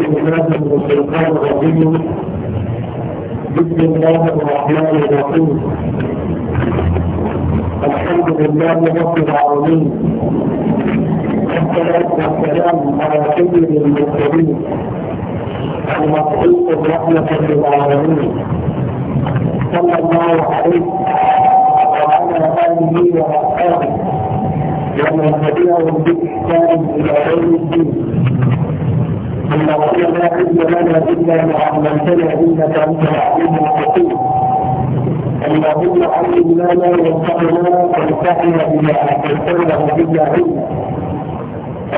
بسم الله الرحمن الرحيم الحمد لله رب العالمين والصلاة والسلام على سيد المرسلين المبعوث رحمة للعالمين صلى الله عليه وعلى آله وأصحابه ومن تبعهم بإحسان إلى يوم الدين اللهم لا علم لنا الا ما علمتنا انك انت العليم الحكيم اللهم علم لنا وانفعنا وانفعنا بما علمتنا وبما علما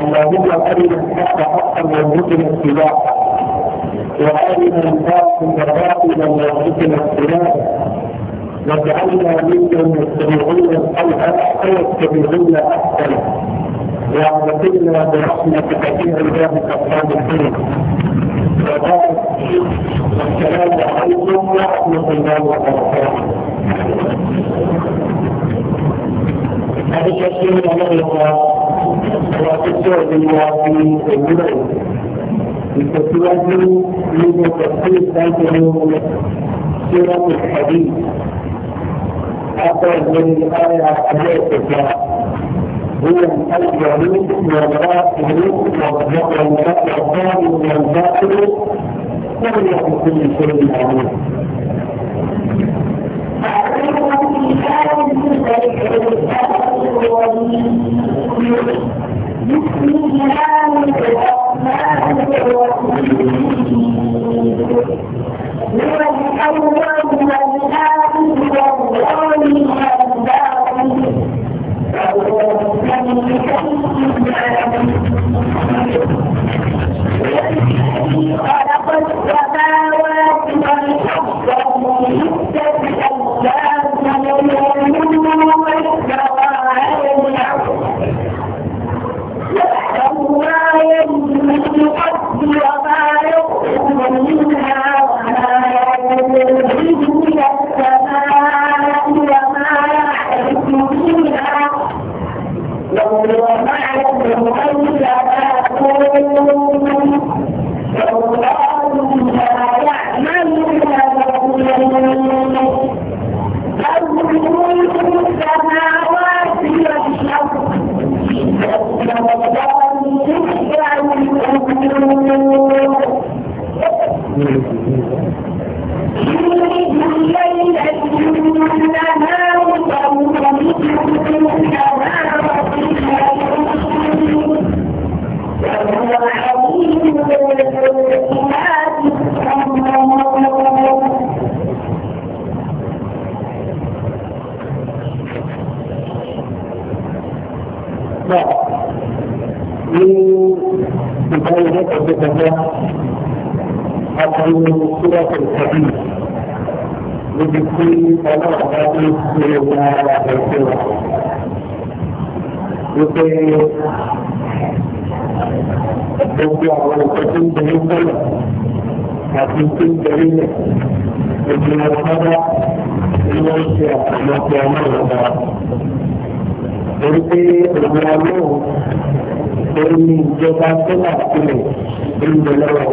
اللهم ارنا الحق حقا وارزقنا اتباعه وارنا الباطل باطلا وارزقنا اجتنابه واجعلنا ممن يستمعون القول فيتبعون احسنه واغفرنا برحمتك في عبادك الصالحين وبارك والسلام عليكم ورحمه الله وبركاته هذا الشيء الذي هو وتسوء بالوافي الجبل لتتوجه منذ تفسير ذاته سورة الحديث أقرب من الآية الثلاثة هو الأول والآخر والثاني والباطل لم يكن كل شيء عليم بسم الله الرحمن الرحيم هو الأول والآخر ọba tó wà sílẹ̀ nílùú lọ́wọ́.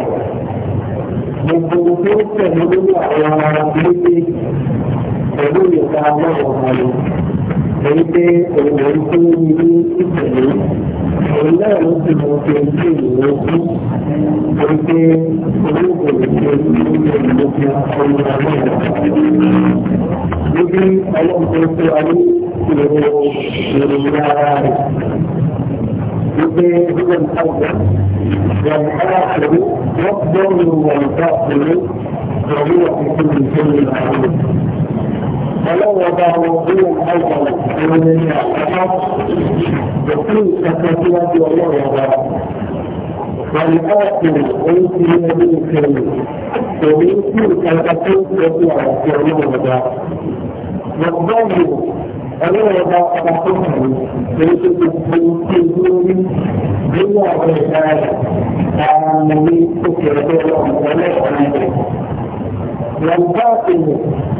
Gbogbo tí ó tẹ̀lé lórí àwọn ará méjì pẹ̀lú ìyọ̀ta lọ́wọ́ ọmọdé. Èyí pé òun tó ní ní ìtẹ̀lé. Òun náà ló ti mọ pé ojú ìlú kú. Èyí pé olóògùn ìṣe ìlú ìlú ti ọmọ náà. Níbi ọlọ́run tó ń fẹ́ wa ní ìròyìn ìròyìn ara rẹ̀. هو الأول والآخر والضر والباطل وهو في كل شيء عليم فلو وضعوا هو الأول من الأحد وكل تكتلات الله وضعه والآخر أنت يديك ومن كل تكتلات الله وضعه والضر Kalau ada apa pun, dari segi tinggi, dia boleh dan mengikut kerja oleh orang lain. Yang batin,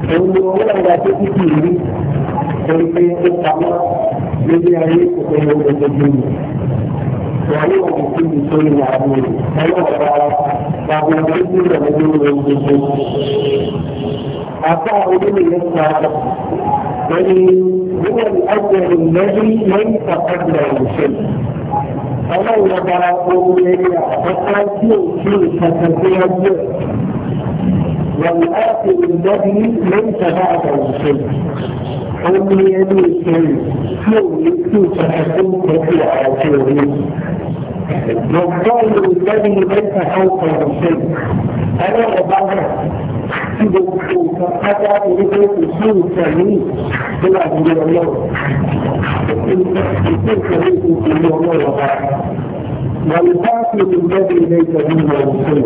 kalau orang dapat dipilih, dari segi sama, dia hari kepada orang lain. Kalau orang itu disuruh nyabu, kalau orang nyabu itu dia disuruh nyabu. Apa orang ini yang salah? الذي هو الأول الذي ليس قبل الشيء فلو نظر قومي فتاتيو في فتاتيو والآخر الذي ليس بعده شيء. قومي لي شيء قومي تو فتاتيو فتاتيو فتاتيو فتاتيو فتاتيو فتاتيو فتاتيو فتاتيو ọlọ́run bá wà tí gbogbo nǹkan pátá orí pé kò sí nǹkan míì tó wà ọlọ́run ìpín nǹkan tó kò ní ọlọ́run ọba. Wàlúùbá ti lè lẹ́bi ilé ìtọ́jú ìwà òṣèlú.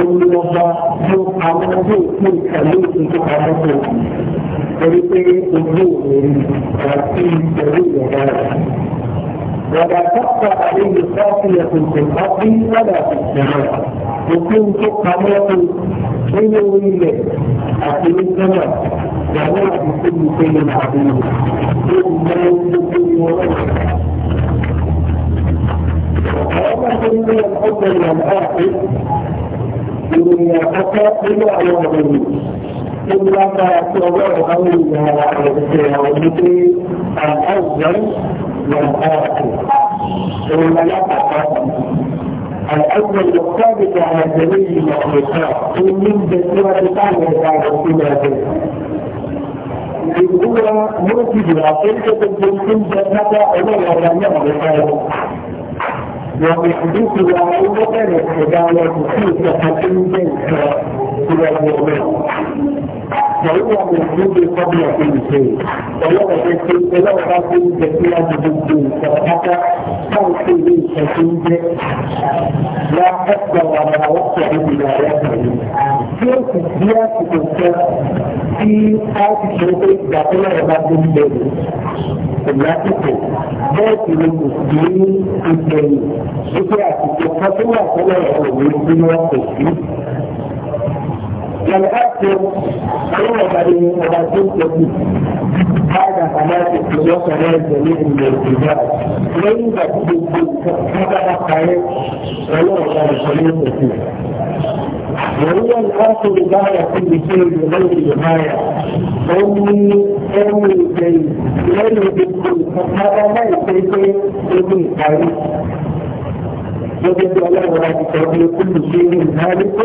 Omi ọba fún àwọn ọdún ìpín nǹkan míì tó pamọ́ fún un. Torí pé ojú òun àti ìtọ́jú ìwà òṣèlú. ولا تبقى عليه خافية في الأرض ولا في السماء يكون تقامات حلو إليه أقل السماء وهو بكل شيء عظيم ثم يمسك ورحمة وهذا من الحب إلى الآخر من يقطع إلى يوم إلا ما يتوضع أولها ويتوضع الأول والآخر ثم لقطة الأول الثابت على جميع المخلوقات إن من بسورة تعالى بعد السنة إذ هو مرتب عقيدة الجنسين جنة عمر الرمى الرسالة ومحدث وعودة للحدالة في سفة جنسة سوى المؤمن فهو موجود قبل كل شيء ولو ولو رجل جسيرا جدا صراحه توصيل شديد لا قدر على وقته بدايته في تسبيح تكون في هذه الشروط داخل عباد الليل لكن لكن المسلمين في الدين يجب ان يكون هناك والأكثر هو بني رسول كبير هذا حماس الفلوس على الجميع من الاتجاه ليس متبقيين ولو كان الجميع كثير وهو الأصل غاية كل شيء بغير غاية أمي أمي شيء لن يدخل هذا ليس شيء يدخل وجد له ولا كل شيء هالك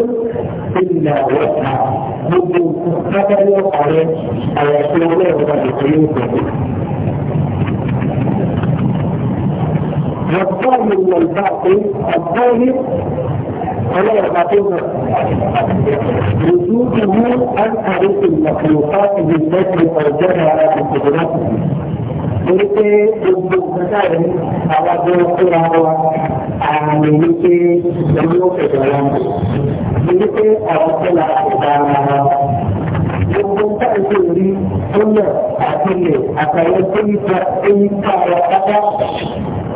إلا وجهه منذ قبل عليه على شغله وبقيته والظاهر والباطن الظاهر ولا يعتقد وجوده أكثر طريق المخلوقات التي أوجدها على قدراته torí pé gbogbo nǹkan sáré àwọn abẹ́ fúnra wa àmì ní pé èmi ò fẹ̀dọ̀ wọn torí pé àwọn tó la ìta ara wa gbogbo nǹkan tó rí fúnlẹ̀ àti ilẹ̀ àtàwọn tó ń ta tó ń ara pátá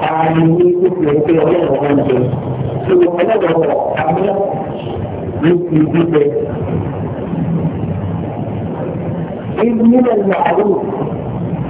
àmì ní gbogbo ẹgbẹ́ ọlọ́run wọn jẹ ṣùgbọ́n ọlọ́run wọn àmì ní ti gbígbẹ. إذ من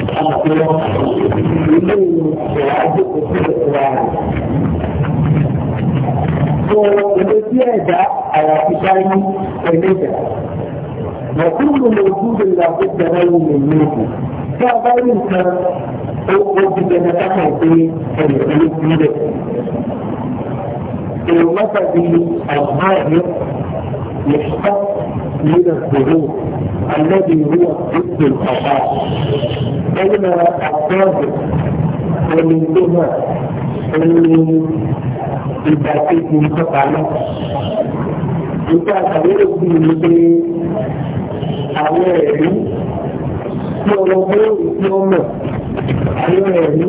وكل موجود لا بد له من ملكه فغير الكرم او قد نتحل في الملك المثل الظاهر يشتق من الذنوب الذي هو ضد الخطا بين الظاهر ومنهما ان الباقي من خطا nípa àtàwérò bí i pé àwọn ẹ̀rí tí ọmọ bóòrù tí ó mọ̀ àwọn ẹ̀rí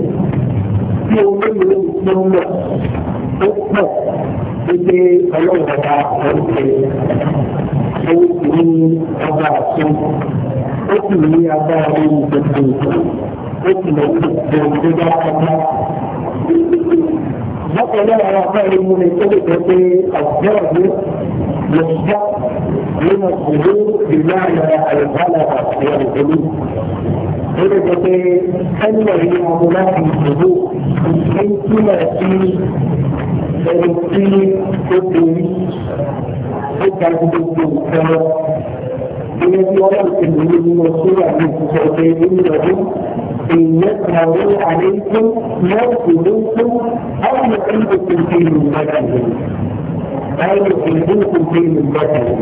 tí olóòrù tí ó mọ̀ ó pọ̀ pé pé ọlọ́run ọba ọ̀hún ṣe ó ní ọba àti ó sì ní agbára lórí gbogbo ó sì lọ sí gbogbo tó bá kọjá. Bákan náà àwọn afẹ́rẹ́ mú mi tó lè jẹ́ pé àgbẹ̀rẹ̀ mi lọ sí bá nínú ìlú ìlú àyà àìbálàbà ìyàwó ìlú. Ilé jẹ́ pé ẹnìyàn ní ọmọ láti ìdìbò ní túmọ̀ sí ẹni tí ó ti rí. ó ga gbogbo nǹkan gẹ́gẹ́ bí wọ́n ti lè ní nínú sórí àti ìṣiṣẹ́ ìṣe nínú ọdún èèyàn kan ní àlékún mọ́ọ̀kù lókun àwọn ìlú kò dé ìlú mọ́tàlẹ́ àwọn ìlú kò dé ìlú mọ́tàlẹ́.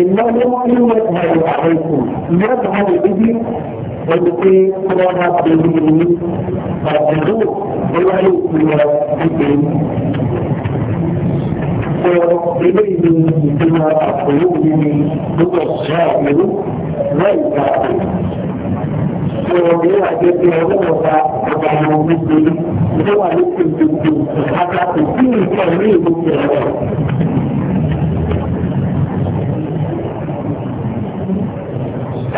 إنه يظهر عليكم يظهر به ويقول صلاة به فاتدوه ولا يؤمن به sọ eléyìí ìtura àpòló mi ni lókọ̀ ṣá ìlú lẹ́yìn tààtò. Sọ èyí àti ẹgbẹ́ ọlọ́run ọba ọba àwọn onígbé ló wà lókè gbogbo àtàkù tí nǹkan ní ìlú kẹrẹ.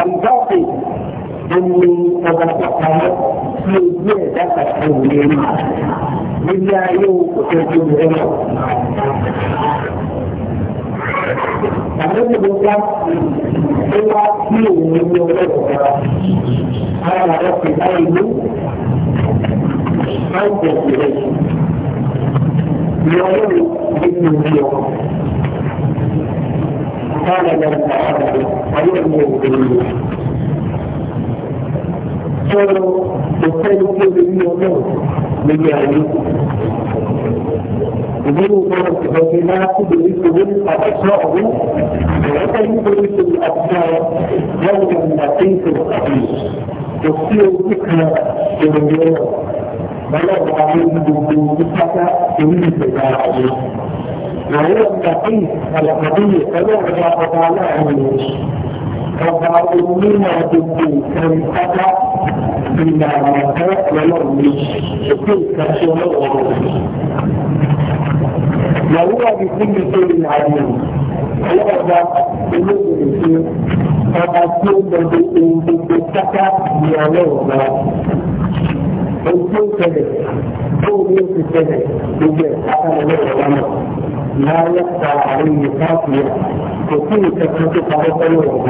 Àlùbáàbò ẹni ọba pàpàmọ́ sí ojú ẹ̀dá kàkiri òun ní ẹ̀rí níbi ayé kò tó ju rẹ̀ lọ. Àdébò bá ó wá sí òun ní ọlọ́wọ́ rẹ̀. Ara làwọn fi bá ìlú máa ń bẹ̀rẹ̀ rẹ̀. Ìyá ọlọ́run nínú ìlú ọ. Káàlà lọ sí àwọn ayé ìlú òkèèrè. Sọ̀rọ̀ òfin ló gbé mi ní ọlọ́run. من يعني يقولوا كانت ما تدرك الأبصار ولا يدرك الأبصار يوم اللطيف الخبير تصير فكرة جميلة بلغ عليه بوجودك تريد تجاربه وهو اللطيف الخبير فلغ تعالى عنه فضعوا مما تدرك ìlà àwọ̀kọ́ lọ́lọ́run ní òkú nǹkan tí ọlọ́run ọ̀rọ̀ yàwó àbí fún mi tó lè àyè ọlọ́ọ̀dà olóògbé tí ọba tí ó gbọdọ̀ ohun gbogbo pátá ní ọlọ́ọ̀dà ohun tó ń ṣẹlẹ̀ tó ń ṣẹlẹ̀ gbogbo ẹ̀ pátá lọ́lọ́ọ̀dà náà. لا يقدر عليه كافيا يكون تكلفة وطلوع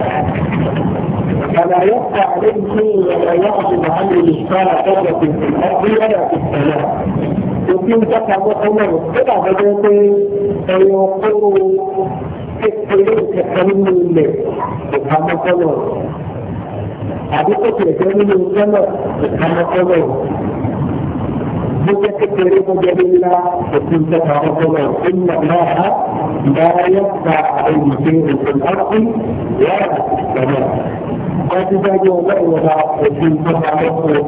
فلا يخفى عليه شيء ولا يعظم عنه مثقال ذرة في الأرض ولا في السماء يمكن تفهم أنه قطع بدوته فيوقر السلوك كمن الليل سبحان الله àdúgbò tẹ̀sẹ̀ nínú sẹ́lọ̀ ìkànnì ọlọ́run يتكلم جميلا وكنت تعرفك ان الله لا يخفى المسير في الارض ولا في السماء قد زاد وبعد وكنت تعرفك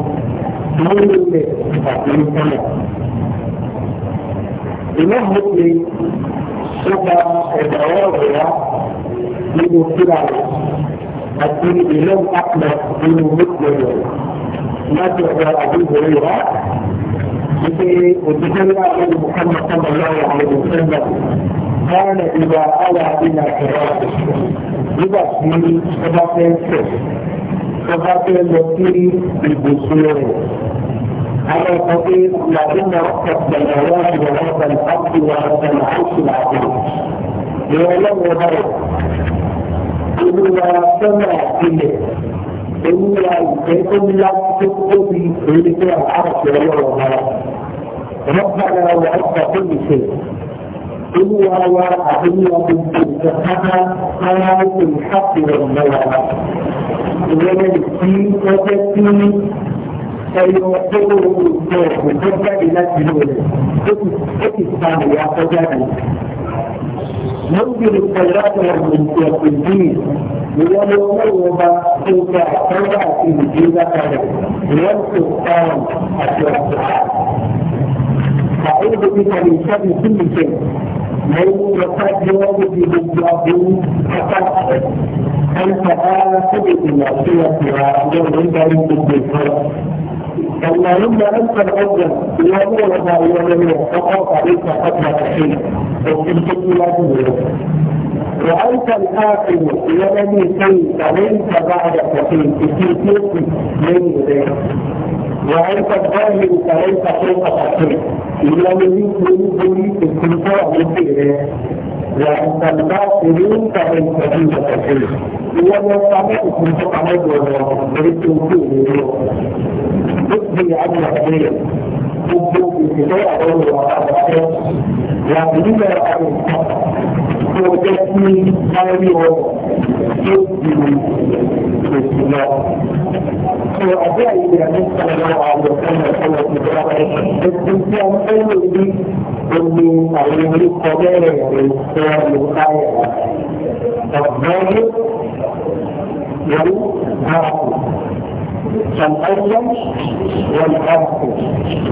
دون السماء إمام مسلم شفى الرواية من كلا الدين إمام أحمد بن مسلم ما تعرف أبو هريرة وتسمى عن محمد صلى الله عليه وسلم كان إذا أوى إلى قراءة إذا في صلاة صلاة التي بالبصور على قدير لأن رب السماوات ورب الأرض ورب العرش العظيم يعلم ذلك إلا سمع إليه إلا يكون لك تكتب لكي العرش يروى ربنا وعد كل شيء إلا وعدية تلتفتها آية الحق والموعد ومن الدين وتكتين فيعطيه الله تبدا الى الدين. It is, it is family, after that. ينزل الخيرات والدين ويوم تلك الخيرات في مجيبة والسلطان الشرع أعوذ بك من شر كل شيء من وقد يوجد بالجاهل فقط أنت آخذ بما سوى سوى يوم عند الدين اللهم انت الافضل لا هو ولا هو من فقط عليك قبل تحيل وكنت لا تدرك وأنت الآخر الذي كنت ليس بعد كثير كثير من يديك وأنت الظاهر فليس فوق كثير الذي يمكن استمتاع بخيره وأنت الباطل فليس فوق كثير ومن سمعت كنت قمت ومن سمعت تقضي عن القضية تقضي ابتداء دور الواقع وعندما يقول وتسمي هذه تقضي بالاستماع وأداء إلى النبي صلى الله عليه وسلم صلى الله عليه وسلم الاستمتاع الأول به أنه عليه القضايا والإسلام والآية الظاهر والباطن الأول والأرض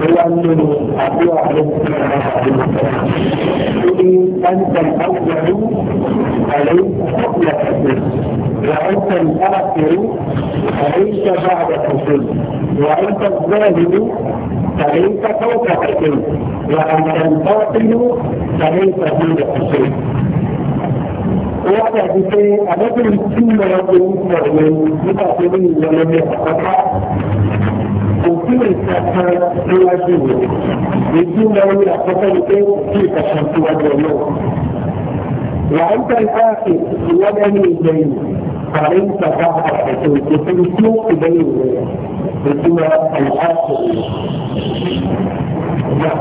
هو من أبوع أنت الأول عليك قبل حسين وأنت الآخر عليك بعد حسين وأنت الظالم فليس فوق حسين وأنت الباطل فليس دون حسين wọ́n tàbí pé àdọ́kùnrin tí mo lọ pé nípa ìwé nípa tó ní ìwé lọ́dẹ àkọ́kọ́ òfin ìkàkàn níwájú rẹ̀ èyí lọ ní àkọ́kọ́ ni pé kí ìkàkàn síwájú ọ̀nà. Wàá ń tẹ̀ káàkiri ìwọ́dẹ́ ní ìgbẹ̀yìn عليه تفاعل وتنسوق بين هو الآخر نعم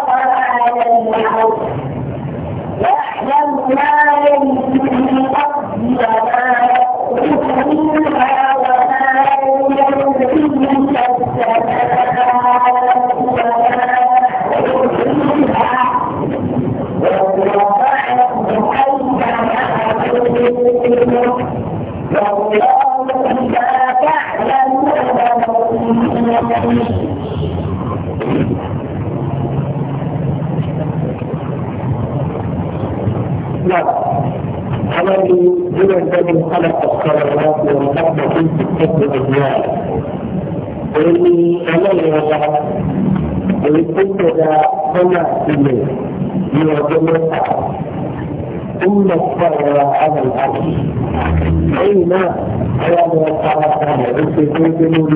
الدنيا يعتبرها ثم الصغر على الارض اين هذا الطرفان يستفيدون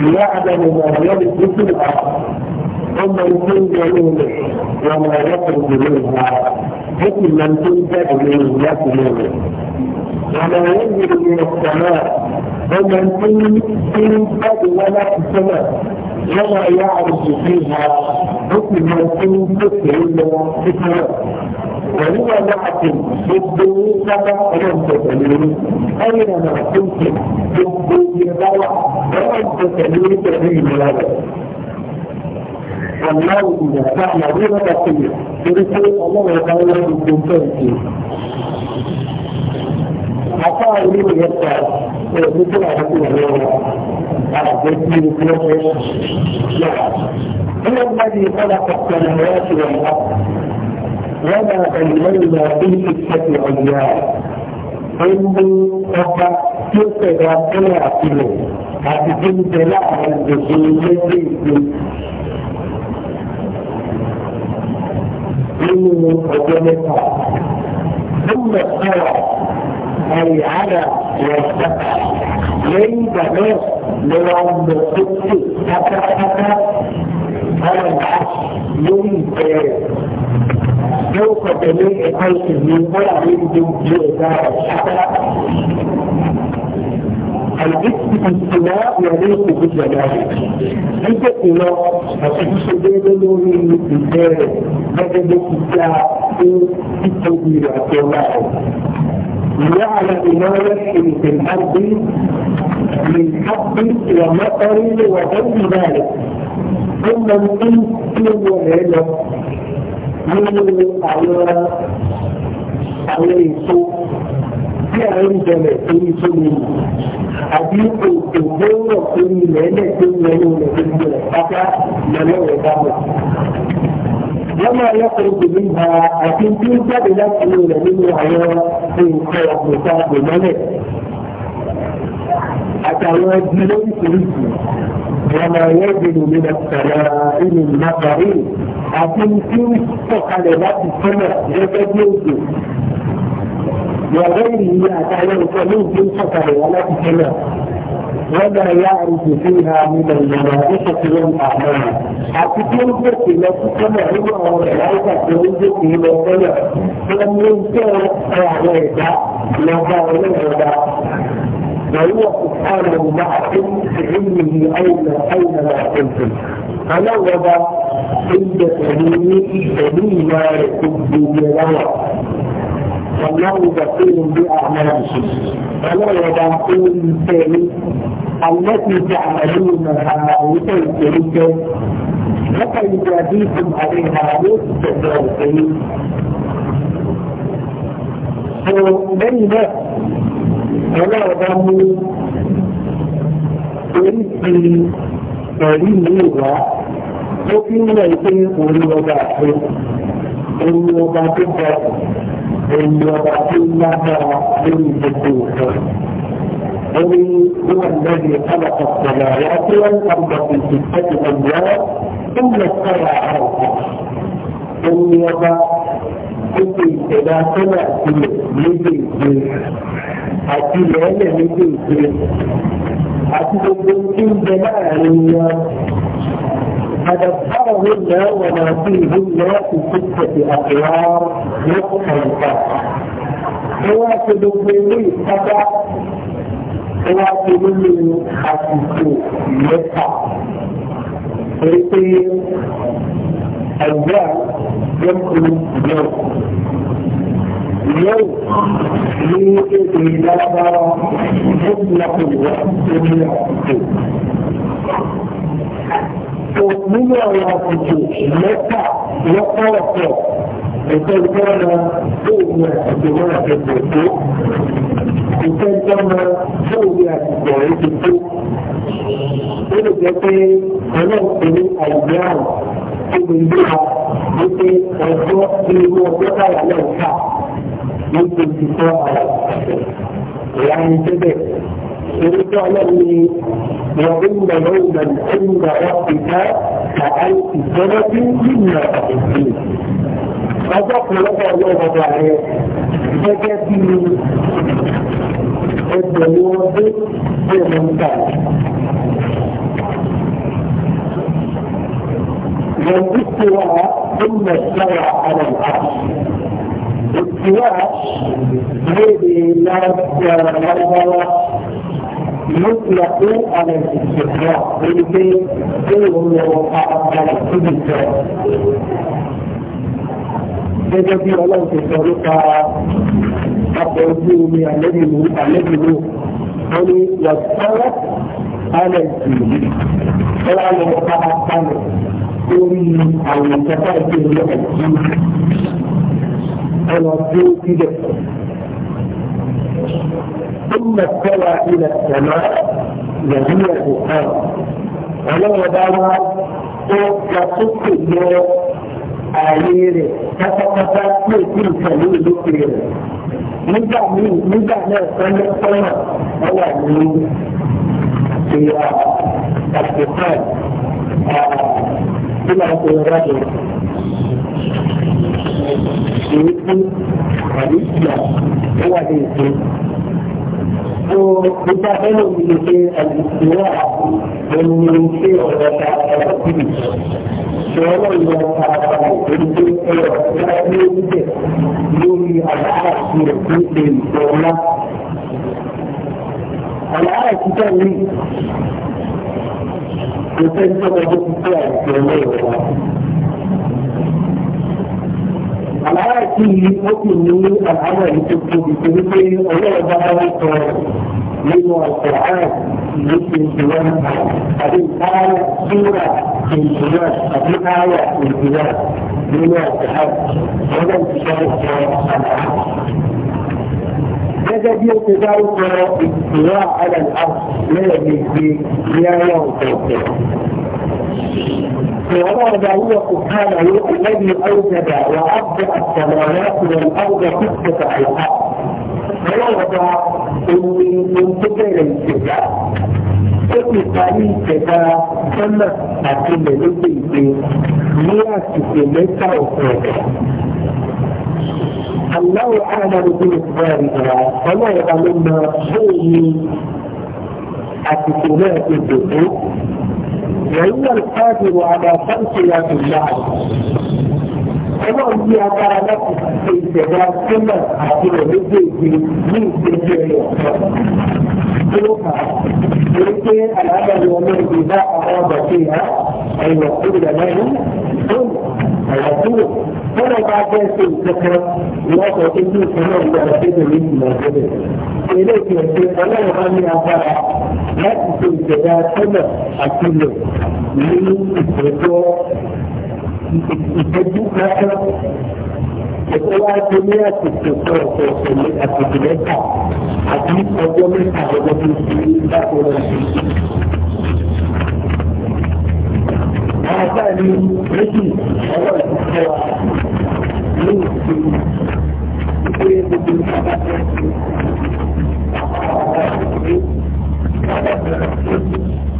من يعلم ما يلد في الارض ثم يخرج منه وما يخرج منها حكم من تنتج من يكمل وما ينزل من السماء ومن تنتج ولك السماء ولا يعرف فيها حكم الدين الا بكلام وهو معكم ضد كما لم تتميز اينما كنتم ضد يدعى ولم تتميز به الولد والله إذا فعل بما بقي برسول الله تعالى بالكفر حتى يريد يبقى يقول على كل هو الذي خلق السماوات والارض وما بينهما في ستة أيام إني أبا تلك باطلة أكله هتكون دلاء الجزية إني أجلتها ثم استوى أي على والسكر ليه بغير لو كنت حتى حتى هذا العكس يوم سوف تليق قيس من ولا يبدو لإدارة الحتى الاسم الاستيلاء يليق بالجلال عند الاستيلاء فتحس بينه من الإدارة بدل الاستيلاء في التوبيرات والله ليعلى إمامة في الحد من حد ومطر وغير ذلك ثم نقوم كل وعلا من الأعيار عليه صوت في عند مأتيس من حديث الكبير في ملك من ملك الحقا ملوى دعوة وما يخرج منها لكن في جبل يقول منه عيون في خير نصاب الملك أتوا جلوي كريسي وما يجد من السماء من مطر لكن في سقلبات السماء يجد يوسف وغيره أتوا يوسف من سقلبات السماء ولا يعرف فيها من الملائكة والأعمال أتكون بك لا تسمع هو الملائكة تنزل به مثلا فلم ينكر عليك تعلم هذا وهو سبحانه معكم بعلمه أين أين لا كنتم فلوض عند سليم سليم ما يكب والله بصير بأعمالكم فلوض كل سليم التي تعملونها وكيف تلك لقد جاديكم عليها مستدرسين فبين ọlọ́ọ̀dọ́mú oríṣi ẹ̀rí ìlú wa ó fi ń lẹ̀ pé orí ọba àti orí ọba tó bọ̀ orí ọba tó lágbára lórí gbogbo òfin. الذي هو الذي خلق السماوات والارض في سته ايام ثم استوى على ثم يضع في ثلاثه لديه àti ìrẹ́lẹ̀ méjì ìpè àti gbogbo tí ń bẹ láàrin wọn. الله وما فيهن في ستة أقوار نصف الفاتحة. هو في دبرين فتح ó wá sí nínú àsìkò mẹ́ta torí pé ẹ̀gbẹ́ yẹ́kùn yẹ́wò yẹ́wò ní èdè lágbára gbọ́dọ̀ wá nínú àsìkò. Tó nínú àwọn àsìkò mẹ́ta lọ́pọ̀lọpọ̀ ètò ìgbọ́nà tó ìwé àsìkò náà ṣe pèsè àtijọ́ jọ́mọ fóònù àtijọ́ rẹ̀ ti tó. ó lè jẹ́ pé ọlọ́ọ̀pẹ̀ ní àìjẹ́ àrùn tó lè gbé wa ló pé ọjọ́ tí irú ọjọ́ báyà náà kà ló ti ti tọ́ àwọn ìyá ní síbẹ̀. Orúkọ ọlọ́run ni wọ́n ń bẹ̀ lọ́wọ́ ìgbà tí ń gbà wá ìta àti ìjọba tí ń gbìyànjú àti ìgbìyànjú. Ọjọ́ kan lọ́wọ́ ọlọ́run ọba rẹ̀ gẹ́gẹ́ bí الجنود بالمنتج والاستواء ثم استوى على العرش الاستواء هذه لفظة يطلق على الاستقرار بالبيت دون وقع على السجن. Gẹ́gẹ́ bí ọlọ́run ti sọ nípa أخبرهم الذي هو الذي هو أن يصار على الدين فلا يبقى أحسن كوني أو يتفاق الدين أنا أرجو في ثم استوى إلى السماء وهي القرآن ولا فوق تصف الله عليه فتتفاق كل كلمة nígbà míì nígbà náà sọ́nà sọ́nà wọ́n wà ní ìyá àtìkàn tí wọ́n ti rọ́ jù èyí tí àbí ìyá ó wà ní ìpín. So, nígbà bẹ́ẹ̀ ló ń ṣe àdìsíwá ẹni ṣé ọ̀rọ̀ ta ọ̀rọ̀ síbi ìṣẹ́ ọlọ́run lọ farapamọ́ lórí tó ń tẹ̀lé ọ̀rọ̀ ní oúnjẹ lórí àdáhàsí rẹ̀ tó ṣe ìjọba. Àlàáhà títẹ̀ ní kò tẹ́ ní sọ́kọ̀ tó ti tẹ́ àìsàn ọlọ́run wa. Àlàáhà tí yìí ó sì ní àlàáhà yìí tó tóbi pé ọlọ́run bá wá sọ nínú àìsàn àìsàn. يمكن سواه هذه الآية سورة الانتهاز هذه آية الانتهاز من الاتحاد هذا انتشار هذا دي انتظار الاستواء على الأرض لا يجري لا يوجد وهذا هو سبحانه الذي أوجد وأبدأ السماوات والأرض ستة ألحاق فلولا انتقل الكتاب Tẹ́kìtàrí ìtẹ̀dá sọ́nà àti ìlẹ́lẹ́gbẹ̀ ìgbé ní àsìkò mẹ́ta òfin ọ̀dọ̀. Àláwọ̀ àrànàrò bí mo ti bá rí ìgbà ọ̀nà ìgbà ló mọ bóyá ní àsìkò náà ti dòdó. Wọ́n yíyá ìpàdé wà á dá sáǹtì yàtọ̀ láàrín. ọlọ́run yí agbára láti ṣe ìṣẹ̀dá sílẹ̀ àti ẹ̀lẹ́gbẹ̀ẹ́gbẹ̀ ní ìgbésẹ̀ rẹ̀ ọ̀tọ̀. kí ló fà á? èyí pé àlágbàdo ọlọ́run ti bá àwọn ọ̀dọ̀ sí ìhá ẹ̀yọ̀ tó lè lẹ́yìn tó ẹ̀yọ̀ tó lè. Bọ́lá bá jẹ́ ṣe ìkẹ́kẹ́ lọ́sọ̀ tó ní ìpínlẹ̀ ìlú àgbẹ̀dẹ̀ ní ìlú àgbẹ̀dẹ̀. Ilé ìfihàn ṣe ọlọ́run bá ní agbára láti ṣe ìṣẹ̀dá sílẹ̀ àti ilẹ̀ ní ìṣẹ̀dọ́ ìtọ́jú lásán ẹ̀kọ́ wá ṣe ní àsìkò ọ̀sẹ̀ ọ̀sẹ̀ àsìkò mẹ́ta àti ọjọ́ mẹ́ta ọjọ́ tó ti ń dáko rẹ̀ sí. Àwọn bá ní méjì ọwọ́ ìdíjẹ́ wa ní ìsinmi ìpè gbogbo ìpàdé ìpàdé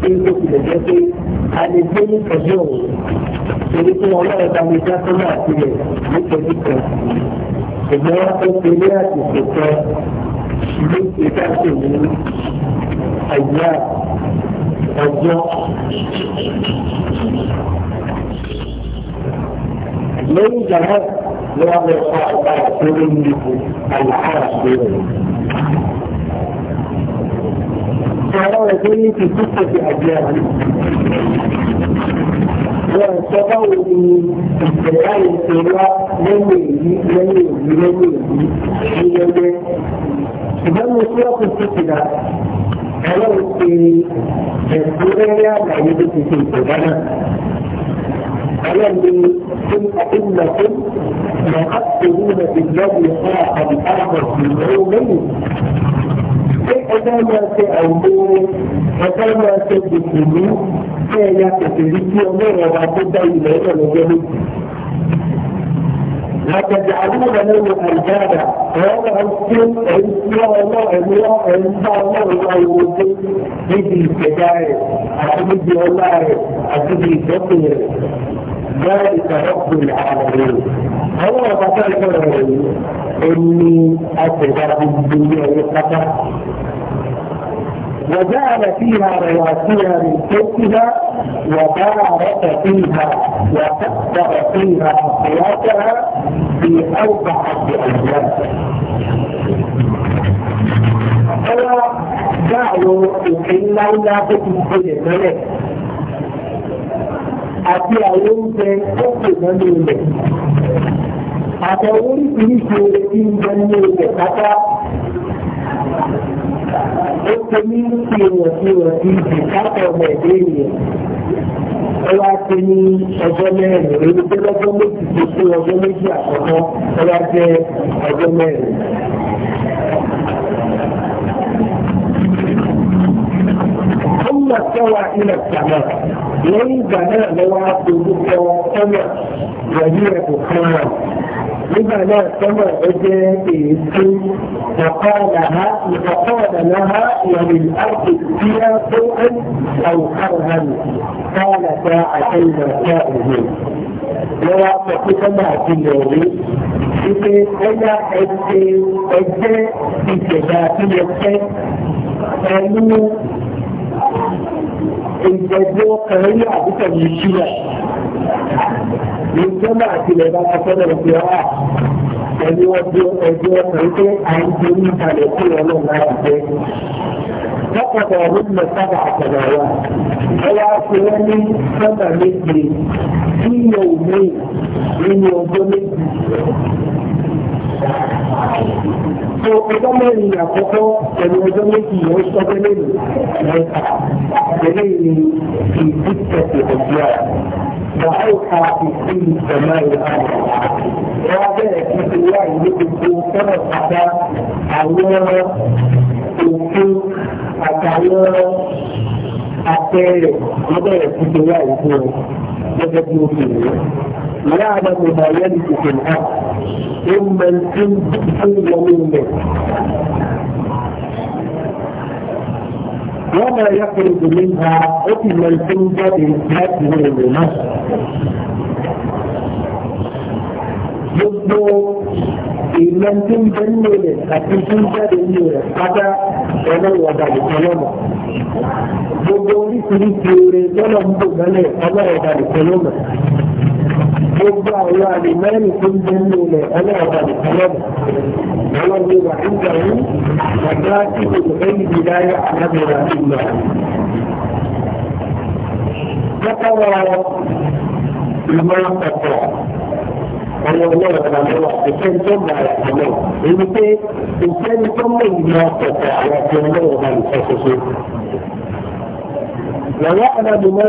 ìpàdé ìpàdé ìpàdé ìpàdé torí pé ọlọ́run bá mi dá sọ́nà àti rẹ̀ nítorí kan ṣùgbọ́n wọ́n tó ṣe ní àtìkò kan ní ìdáṣe ní àyà ọjọ́. lẹ́yìn ìgbà náà ni wọ́n lọ fa àgbà ìṣòro ní ipò àyàkà àṣírí rẹ̀. Àwọn ọ̀rẹ́ tó ní ti tún pèsè àjẹ́ àná. wọn sọ́kọ́ wo ni ìṣẹ̀lá ìṣe wá lẹ́yìn èyí lẹ́yìn èyí lẹ́yìn èyí ní ẹgbẹ́. ṣùgbọ́n mo tí wọ́n kò tó ti dà ọlọ́run ṣe ẹ̀sùn rẹ́rẹ́ àgbáyé tó ti ṣe ìṣẹ̀lá náà. ọlọ́run ní fún ìlọ̀kùn lọ́kàtúrú rẹ̀ ìlọ́kùn fún àkàbí àbọ̀ ìlọ́rùn lẹ́yìn. ọjọ́ máa ṣe àìlówó ọjọ́ máa ṣe gbèsèlú kí ẹ̀yà kẹsìrì tí ọlọ́run ọba tó dá ilẹ̀ ẹ̀rọ lọ́jọ́ méjì. لتجعلون له أندادا وهذا السن يا الله يا الله الله يوجد بدي كتائب أحمد الله أبدي كتير ذلك رب العالمين الله فتاك إني أتبع الدنيا وقتا وجعل فيها رواسيها من فوقها وبارك فيها وكبر فيها اصواتها في اوقع الايام فلا جعلوا الا لولا حكم كل ملك أتي أيوم كان حكم ملك أتوني في سورة ó ti ní sí ìwọ̀síwọ̀sí ìdìkápọ̀ ọmọ ẹ̀dá ènìyàn ó wá ti ní ọjọ́ mẹ́rin èyí tó lọ́jọ́ méjì tó tó ọjọ́ méjì àkọ́kọ́ ó wá jẹ́ ọjọ́ mẹ́rin. ثم استوى إلى السماء لين بناء لوعد بكرة وهي دخان nígbà náà sọ́mọ̀ ó jẹ́ èyí tí ọ̀pọ̀lọ̀ha ìfọ̀pọ̀lọ̀ha ìrìn àti ìyá tó ń àwòkárùn-ún kọ́ọ̀lọ̀ta àti ìrọ̀ta òwe. Wọ́n wá sọ pé sọ́mọ̀ àti ìrọ̀wé wípé ẹ̀yà ẹ̀jẹ̀ ẹ̀jẹ̀ ìjẹ̀dá tí mo fẹ́ pẹ̀lú ìjẹ̀dá kan ní àbúkọ̀ yìí nígbà tí ilẹ̀ bá wá sọ́dọ̀ sí ọ́wà ẹni wọ́n tí ẹjọ́ ọkùnrin pé à ń ti ní ìbàlẹ̀ sí ọlọ́run láti jẹ́. Lọ́pọ̀tọ̀ ọ̀run mọ̀ sábà àtọ̀nà wa. Ẹ wá fi wọ́n ní sọ́dọ̀ méje nínú òmíì nínú ọjọ́ méjì. So ọjọ́ mẹ́rin àkọ́kọ́ ẹni ọjọ́ méjì yóò sọ́jọ́ mẹ́rin mẹ́ta. Eléyìí ni ìdíkẹ̀tì ọ̀gbìn àrà. Wàhálà ìsìn ìjọba ìlànà. Wọ́n bẹ̀rẹ̀ sí ti wá ìlú gbogbo sọ́nà pátá àwọn òfin àtàwọn àpẹẹrẹ wọ́n bẹ̀rẹ̀ sí ti wá ìlú gbogbo gẹ́gẹ́ bí ó ti rí. يعلم ما يلج في الأرض ثم الجند حل منه وما يخرج منها حكم الجند بإثباته لنفسه gbogbo ìmọ̀ tí ń bẹ nínú rẹ̀ àti tí ń jáde nínú rẹ̀ pátá ẹ̀rọ ìwàdà nìkan lọ́nà. gbogbo oríṣiríṣi oore lọ́nà ń bò mọ́lẹ̀ ẹ̀rọ ìwàdà nìkan lọ́nà. gbogbo àwọn àlùmọ́ọ́nì tó ń bẹ nínú rẹ̀ ọlọ́ọ̀bà ìfọlọ́bà àwọn ọmọ ìwà ìgbà yìí àgbà tí kò tó fẹ́ yìí láyé alábẹ̀rẹ̀ àti ìlọ. Lọ́kọ̀wọ́ ìmọ̀ ọ̀pọ̀ ọmọ ọlọ́run kan lọ́wọ́ ìfẹ́ni tó mọ àyàtọ̀ náà èyí pé ìfẹ́ni tó mọ ìmọ̀ ọ̀pọ̀ àyàtọ̀ ọlọ́run kan ìfẹ́ ṣoṣo. Wọ́n yá ọ̀nà mi mọ́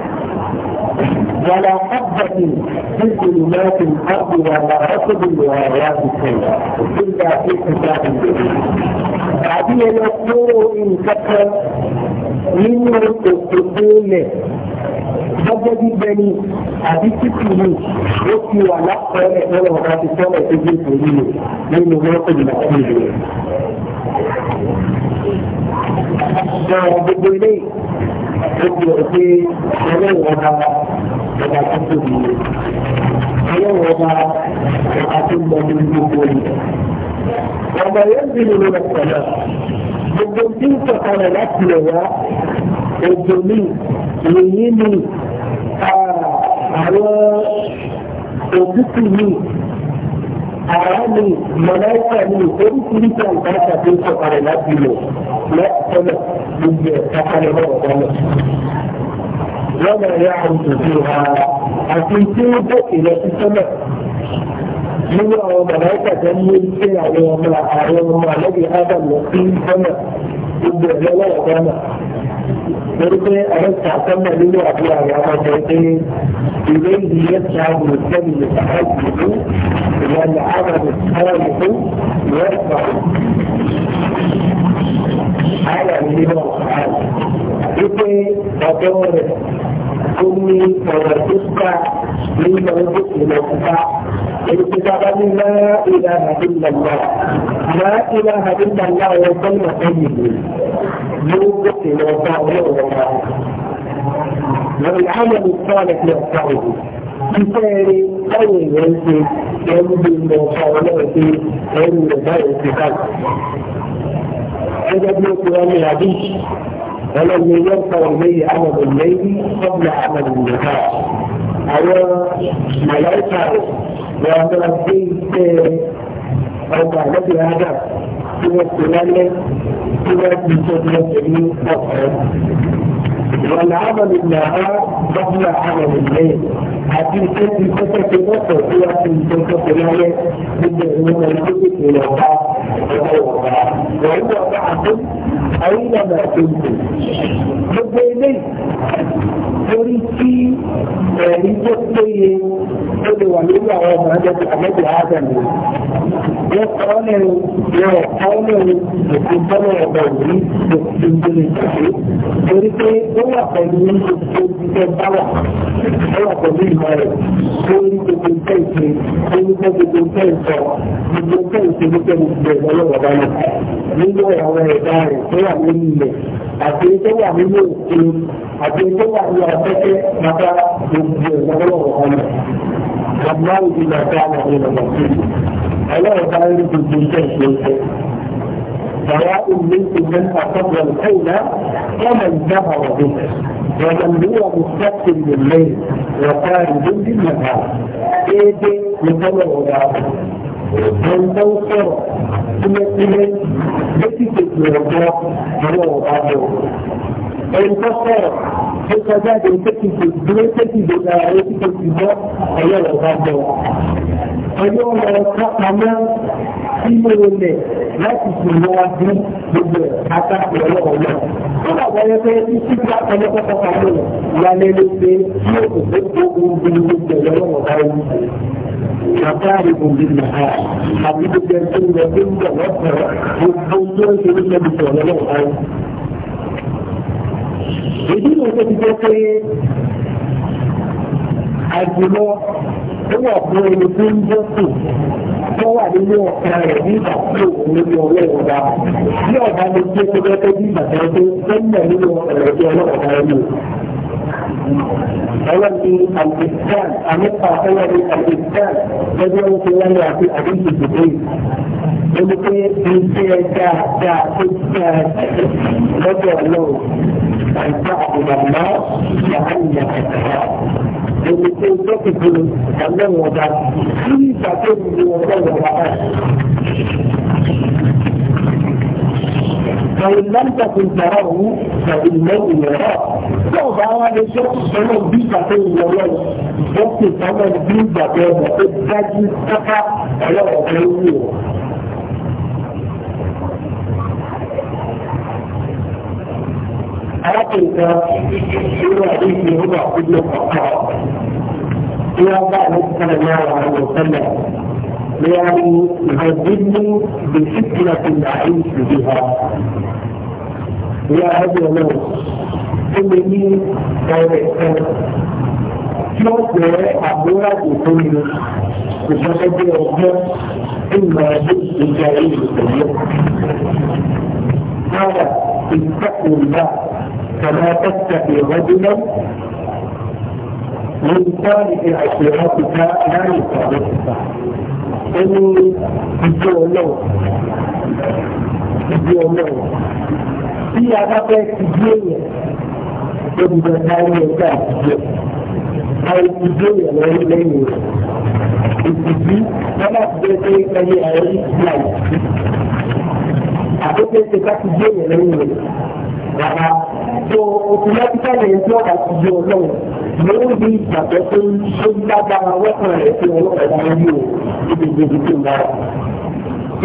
ولا حبة في ظلمات الأرض ولا رطب ولا بسيط إلا في كتاب بعدين يذكر إن كثر من القتول gẹ́gẹ́ bí bẹni àbí títì ní ó ti wà lápẹẹrẹ lọ́wọ́ ọ̀gá ti sọ́rọ̀ tó gbé ìtòrí rẹ̀ nínú mọ́tò ìlàkùn rẹ̀. Bọ̀ọ̀ gbogbo eléyìí ó ti rò pé ọlọ́run ọba ọba tó tóbi ni ọlọ́run ọba ọba tó ń lọ ní gbogbo ni. ọba yẹn ti lè lọ sọ̀rọ̀ gbogbo tí ń sọ̀kalẹ̀ láti lè wá ètò mi ìròyìn mi àwọn òtútù mi àrá mi mọ̀láìkà mi òkú oríṣiríṣi àgbàlagbà tó ń sọ̀kalẹ̀ láti lò lọ́sọ̀lẹ̀ gbogbo ẹ̀kákalẹ̀ lọ́wọ́ tọ́lọ̀. lọ́nà ẹ̀yà àwùjọ sí ha àti tí ó bẹ̀kẹ̀ lọ sí sọ́lẹ̀ nínú àwọn màláìkà tó ń mú iṣẹ́ àwọn ọmọ àwọn ọmọ àlọ́bì ádàm lọ sí sọ́lẹ̀ gbogbo ẹ̀ lọ́wọ́ tọ́lọ̀ torí pé ọ̀rọ̀ ti àtọ́mọ̀ nínú àbúrò àwọn ọmọdé pé ìwé ìdílé ti àwọn olùkọ́ni lè bá ọ̀gbìn fún ìwọ̀n àwọn olùkọ́ni fún ìwọ̀n ìgbà. Àwọn ìlú náà wípé ọ̀dọ́ rẹ̀ أمي ووجدت من موجود من الكتاب لا إله إلا الله لا إله إلا الله وكلمة طيبة يوجد من الله والعمل الصالح يرفعه كفاري أو ينسي يمضي المصالحة عند ذلك الكتاب. هذا ابن القرآن العزيز ولم يبقى اليه عمل الليل قبل عمل النهار او أيوة، ملائكه وعندما في هذا هو السلالة هو السلالة الجميل أفضل والعمل النهار قبل عمل الليل àti ìṣe ti kọ́kọ́ ti lọ́pọ̀ tí wọ́n ti ìṣe kọ́kọ́ lálẹ́ gbogbo ìwé wọn tó tètè lọ bá ọ̀rọ̀ ọ̀gá. Wọ́n ń bọ̀ bá àdó àyíyànà èdè. Gbogbo ilé torí tí ẹ̀rí tó péye ó lè wà lórí àwọn ọmọ ẹgbẹ́ tó àmọ́tò àádọ́nù. Wọ́n kọ́ lẹ́nu wọn kọ́ lẹ́nu ètò ìtọ́nà ọ̀gbà òní ètò ìtọ́nà ìtàgé. Torí pé ó wà pẹ̀lú ìṣòro ìṣẹ́ báwà, ó wà pẹ̀lú ì ìmọ̀ rẹ̀ tó ní gbogbo nǹkan ìṣe tó ní gbogbo nǹkan ìṣọ gbogbo nǹkan ìṣe ní pẹ̀lú ìgbẹ̀ lọ́wọ́ bá lọ. nínú àwọn ẹ̀dá rẹ̀ tó wà nínú ilẹ̀ àti tó wà nínú òkú àti tó wà ní afẹ́fẹ́ bàbá gbogbo ẹ̀ lọ́wọ́ bá lọ. àbúrò ìdílé àti àwọn ومن هو مستقبل بالليل وخارج بالنهار ايدي يطلع العرب من توصر ثم الى التي تتوقع هو العرب انتصر في قضاء التي تتوقع بدائرة الاتباع هي العرب اليوم ركعنا sínú ilẹ̀ láti ṣèlú ọdún gbogbo àtàkì ọlọ́wọ́ náà. Ó dàgbà yẹ pé títí bá tẹ̀lé pátákà lónìí, ìyálé ló pé tí ó kò fẹ́ tó ohun bí ó tẹ̀lé ọlọ́wọ́ báyìí. Àtàrí òbí nà á, àbí gbogbo ẹni tó ń lọ sí ń bọ̀ gbogbo tó ń ṣe ní ṣẹ́bi tẹ̀lé ọlọ́wọ́ báyìí. Èdè ìwòsàn ti jẹ́ pé àjùlọ ó wà fún ẹni tó ń jẹ́ sùn tó wà nínú ọ̀kan rẹ̀ ní ìgbà tí òkú lórí ọwọ́ ọ̀gá bí ọ̀gá lè jẹ́ tó gẹ́gẹ́ bí ìgbà tó ń tẹ́lẹ̀ nínú ọ̀rọ̀ ẹ̀jẹ̀ ọlọ́ọ̀gá ẹni Dalam ini Al-Qisqan, Amir Fahaya di Al-Qisqan, jadi orang silam yang asyik adik di sini. Dia mungkin bisa jah, jah, kisah, jadi Allah. Dan tak ada nama, jahat yang kata. Dia mungkin itu itu, kerana modal, ini satu minggu modal yang berapa. Kalau nanti aku tahu, ìṣàkóso ìrọ̀rọ̀. Tí ò bá wá lè ṣe ìṣẹ́lẹ̀ bí ìgbàgbé ìrọ̀rọ̀ ó sì sọ́mọ́ bí ìgbàgbé ọ̀dọ̀ tó dájú pápá ọlọ́run tó ń wù ọ́. Arákùnrin kan nínú àdéhùn ìrọ̀rọ̀ àkójọ kọ̀ọ̀kan tí wọ́n bá àwọn ìṣẹ̀lẹ̀ náà wà lọ sẹ́lẹ̀. يعني يهددني بفتنة أعيش بها ìyá ọdún ọlọ́run tó lè ní ọ̀rẹ́ kan tí ó pè é àbúrò àgbègbè mi kò sọ́kọ́ bí ọgbọ́n tó ń lọ sí ìgbà ayé ìpẹ̀lẹ́. Báwa ìtẹ́kùn ìgbà kàmá tẹ́tẹ́ ìrọ́dúnlọ́ من ذلك العشرات لا يصادفها ẹni ìjọ ọlọ́run ìjọ ọlọ́run tí a bá fẹ́ ti di èèyàn olùdó táyé ẹgbẹ́ àtijọ́ àwọn ìdíje èèyàn lọ́wọ́ lẹ́yìn rẹ̀ ìdíjí wọn bá ti jẹ́ pé ẹni àwọn ìdíje àìsí àkókò ṣe bá ti di èèyàn lẹ́yìn rẹ̀ rárá tó òtúmọ́tíkàlì ẹjọ́ àtijọ́ ọlọ́run lórí ní ìgbàgbọ́ tó ń lágbára wọ́pọ̀ rẹ̀ pé ọlọ́pàá ní o ìdíje ìdíje ìdára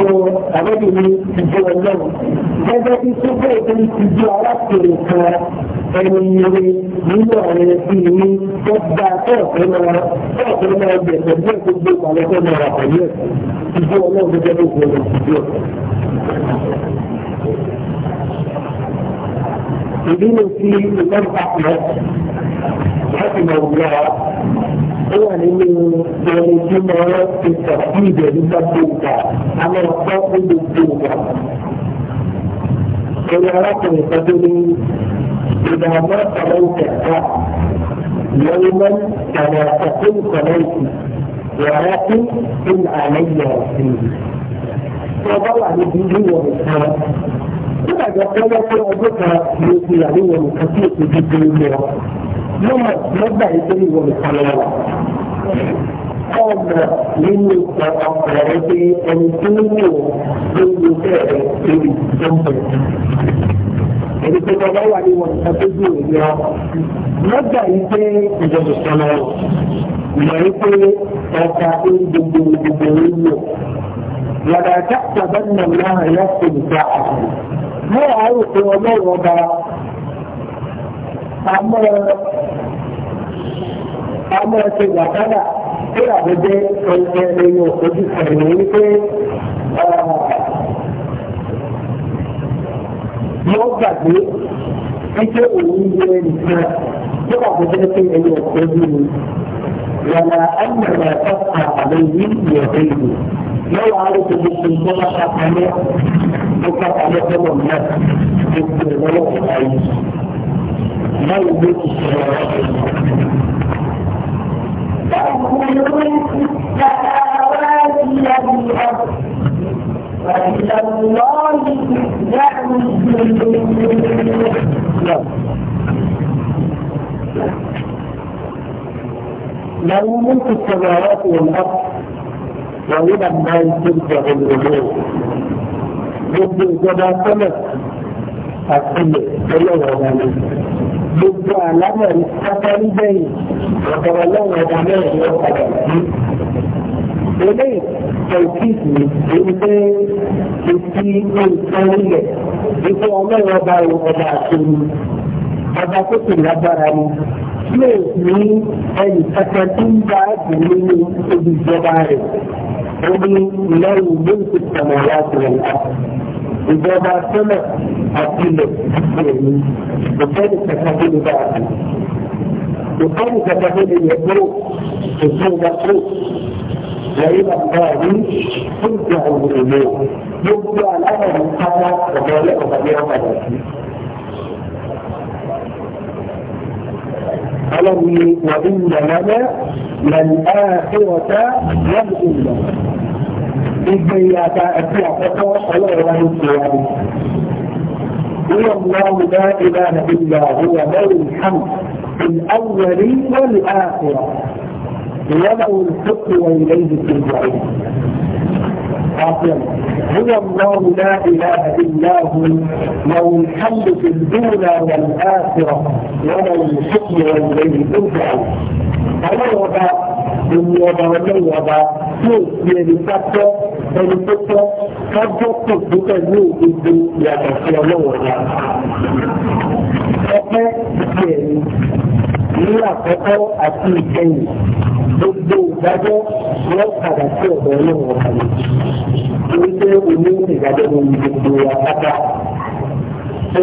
ìjọ àlejò ní ìjọ ọlọ́run gẹ́gẹ́ bí sókè ìpín ìjọ alákèrè kan ẹni ire nínú àwọn ẹbí ní tó dáa tọ́ọ̀tún náà tọ́ọ̀tún náà bẹ̀ pẹ̀lú ẹ̀kọ́ gbé ìpàlẹ́kọ́ náà rà pẹ̀lú ẹ̀kọ́ ìjọ ọlọ́run gẹ́gẹ́ bí ìjọ ọlọ́run يدين في الإمام أحمد حفظه الله ó wà nínú orin tí mo rán ti sọ sí ìbẹ̀ nígbà tó ìgbà àmọ́ ọ̀pọ̀ ó lè tó ìgbà. Orí arákùnrin kan tó ní ìdààmú ọ̀rọ̀ ìkẹ̀kọ́ يوما كما تقول صليت ولكن إن علي رسولي. وضع لديني ومسلم nígbà tó kọ́ lọ́sọ̀ ọdún kan ló ti yà ní wọn kò sí ètò ìdíje ìlú wọn. yóò mọ̀ lọ́gbà ìdíje ìwọ̀n ìkànnì wọn. ọ̀nà nínú ìtàn ọkùnrin pé ẹni tí ń lò lórí bẹ́ẹ̀ lórí ìjọba. Èdè tó bá wà ní wọn ìta tó gbé òní ọ. Lọ́gbà yìí pé ìjọba sọ̀rọ̀ ìmọ̀ yìí pé ọ̀ka ń gbogbo gbogbo ń lò. Yàrá ìjákùtà bá nà náà yá sí ìta àbò. Mọ́ àárò pé ọlọ́run ọba àmọ́ ọmọ ti wàhálà tí àbújẹ ẹgbẹ́ ẹyọ ojú ẹ̀rọ wípé yóò gbàgbé wípé òun yẹ nìkan tí àbújẹ pé ẹyọ ojú ni yàrá ẹnìyàn ẹ̀ka àbẹ̀ yìí yẹ ẹ̀yọ yóò wá ló ti gbèsè tó bá kàkàlẹ́ tó kàkàlẹ́ tó lọ mọ́ tó kúrò lọ́wọ́ ìgbà báyìí ló ti sọ̀rọ̀ له ملك السماوات والارض والى ما ترجع الامور ضد الجبابره السنه كلها ضد علامه السفر بين ọ̀dọ̀ ọlọ́run ọba mẹ́rin ló padà sí. eléyìí ẹ̀kíìsì èyí pé etí nǹkan ilẹ̀ ipò ọlọ́run ọba ọba àtòrò ọba tó kù lágbára ni tí ò ní ẹnì kẹta tó ń bá dùn nínú ibi ìjọba rẹ̀ ó ní lẹ́yìn ilé ìtòsọ̀mọ̀ láti rẹ̀ láti ìjọba sọ́nà àti ilẹ̀ ìgbẹ̀rẹ̀ ní ìfẹ́ tó lè bá a وكان تتبين المفروض تكون مفروض غير الثاني ترجع الامور يبدا الامر القدر وغالبا غير الامر الم وإن لنا للآخرة والأولى إذن يتأتي أفكار الله وهو القيام هو الله لا إله إلا هو له الحمد الأول والآخرة وله الحكم وإليه ترجعون هو الله لا إله إلا هو له الحمد في الدنيا والآخرة ولو الحكم وإليه ترجعون أنا وضع من وضع من وضع tí ẹni bá tọ́ ẹni tó tọ́ ká jọ́ pọ̀ tó àkọ́kọ́ ti ẹ̀mí ní àkọ́kọ́ àti ìkẹyìn gbogbo ìdájọ́ wọ́n padà sí ọ̀dọ̀ ọlọ́run ọ̀kan ní. Torí pé oní ìdájọ́ ló ń gbogbo apáta. Sọ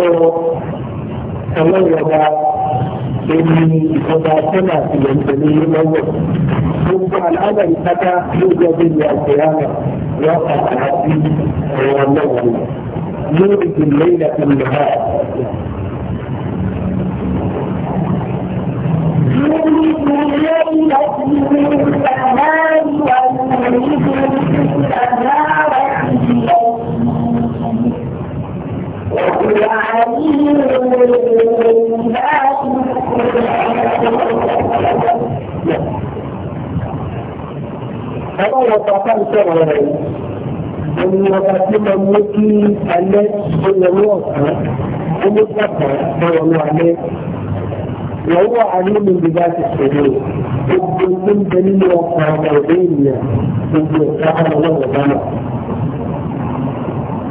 àwọn ìwọ̀nba èmi ìjọba sẹ́nà àti ìyẹ̀ntẹ̀lẹ́ yé lọ́wọ́. Gbogbo àlàáfíà ìpátá yóò jẹ́ bí ìyá ìṣẹ̀yà rẹ̀ wọ́n padà sí ọ̀rọ̀ ọlọ́run. Yóò dìbò lẹ́yìn àti ìlú Ọlọ́run ọ̀pá fáwọn sọ̀rọ̀ rẹ̀ ẹni ọba tí mo mú kí alẹ́ ó lọ ní ọ̀sán, ó ní pàtàkì ọ̀rọ̀ ní alẹ́. وهو عليم بذات الصدور ضد من دليل والصعبين ضد سبحان الله وتعالى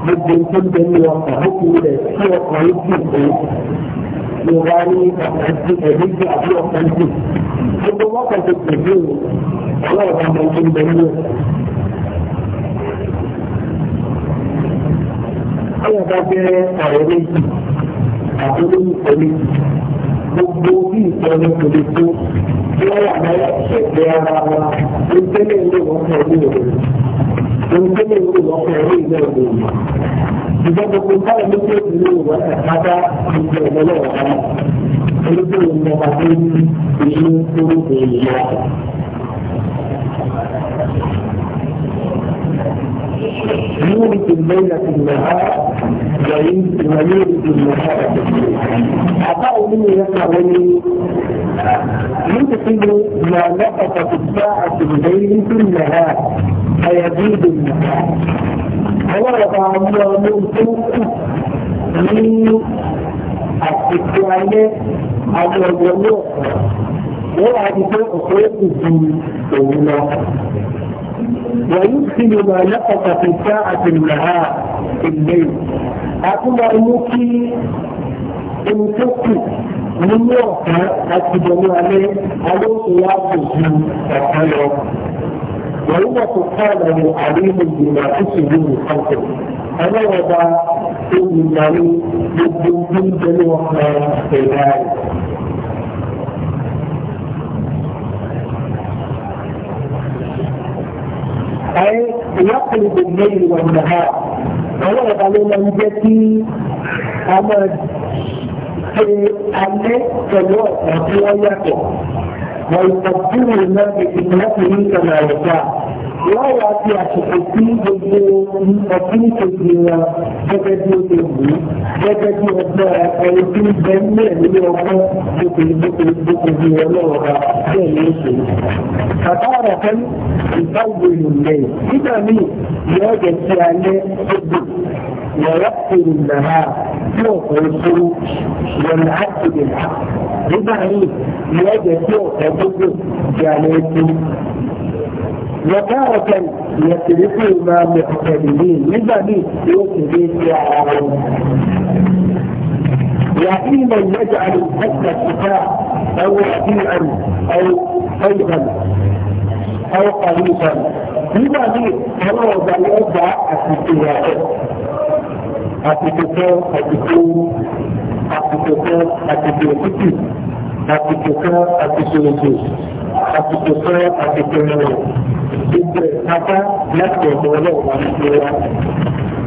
ضد من دليل والصعبين هو قريب جدا يغالي تحديد أبي وقلبي ضد الله تتجيه الله تعالى من دليل أنا بقى أعلمك أعلمك أعلمك gbogbo bí ìsọ̀rọ̀ kò lè tó tí wọ́n wà láyé ẹ̀gbẹ́ ara wa oúnjẹ́lẹ̀ ilé ìwọ̀sẹ̀ ní òde oúnjẹ́lẹ̀ ilé ìwọ̀sẹ̀ ní ilé òde ìjọba gbogbo káyọ̀ ló tó ìlú ìwọ̀sẹ̀ pátá ìjọ ìlọ́lọ́wọ́ rárá olùkọ́ ìlú ọba tó ń ìlú orúkọ ìlú náà يورد الليل في النهار ويورد النهار في الليل أعطاه مني يسمعني يدخل ما نقص في الساعة الليل في النهار فيزيد النهار ووضع الله ملكه ní àsìkò alẹ́ àwọn ọ̀gbọ̀n náà wọ́n wá di pé ọ̀pọ̀ ويدخل ما نقص في ساعة النهار في الليل أقول أنك إن تكتب nínú ọ̀ká àti ìdọ̀lú alẹ́ alóòsùnwá kò ju ọ̀ká lọ. Wọ́n wà tó ká lọ́wọ́ àríwá ìgbìmọ̀ àtúnṣe ìlú ìfọ̀tẹ̀. Ọlọ́wọ́ bá olùdarí gbogbo oúnjẹ ní ọ̀ká ẹ̀dá rẹ̀. أي يقلب الليل والنهار ọlọ́run ta ló máa ń jẹ́ kí a máa ṣe alẹ́ pẹ̀lú ọ̀sán tí wọ́n yàtọ̀ wọ́n ìtọ́jú ìrìnà ìrìnà ìrìnà ìrìnà ìrìnà láwọn àti àsìkò tí gbogbo ọdún kejì wọn gẹ́gẹ́ bí ó ti wù ú gẹ́gẹ́ bí ọgbẹ́ ẹni tí ń bẹ ní ẹ̀mí ọgbọ́n gbogbogbò wọn lọ́wọ́ bá bẹ́ẹ̀ ní oṣù. bàbá rẹ̀ fẹ́ ìbáwò ìlẹ̀ nígbà míì yóò jẹ́ sí alẹ́ gbogbo wọ̀rọ̀ kùrù nàá tí ọ̀pọ̀ ìṣòro wọn láti dè nígbà míì yóò jẹ́ sí ọ̀pọ̀ gbogbo di alẹ́ gbogbo. وتارة يتركهما مقتدمين لذا يوجد يعلمون وحينا يجعل الحق شفاء او رفيعا او فيضا او قريبا لذا لي هو ذا يدعى السياسات àtìkẹ́kẹ́ àtìkẹ́ àtìkẹ́ àtìkẹ́ àtìkẹ́ àtìkẹ́ àtìkẹ́ àsìkò fẹ́ àsìkò rẹ̀ gbogbo ìpátá láti ọ̀dọ̀ ọlọ́ọ̀bá ti wá.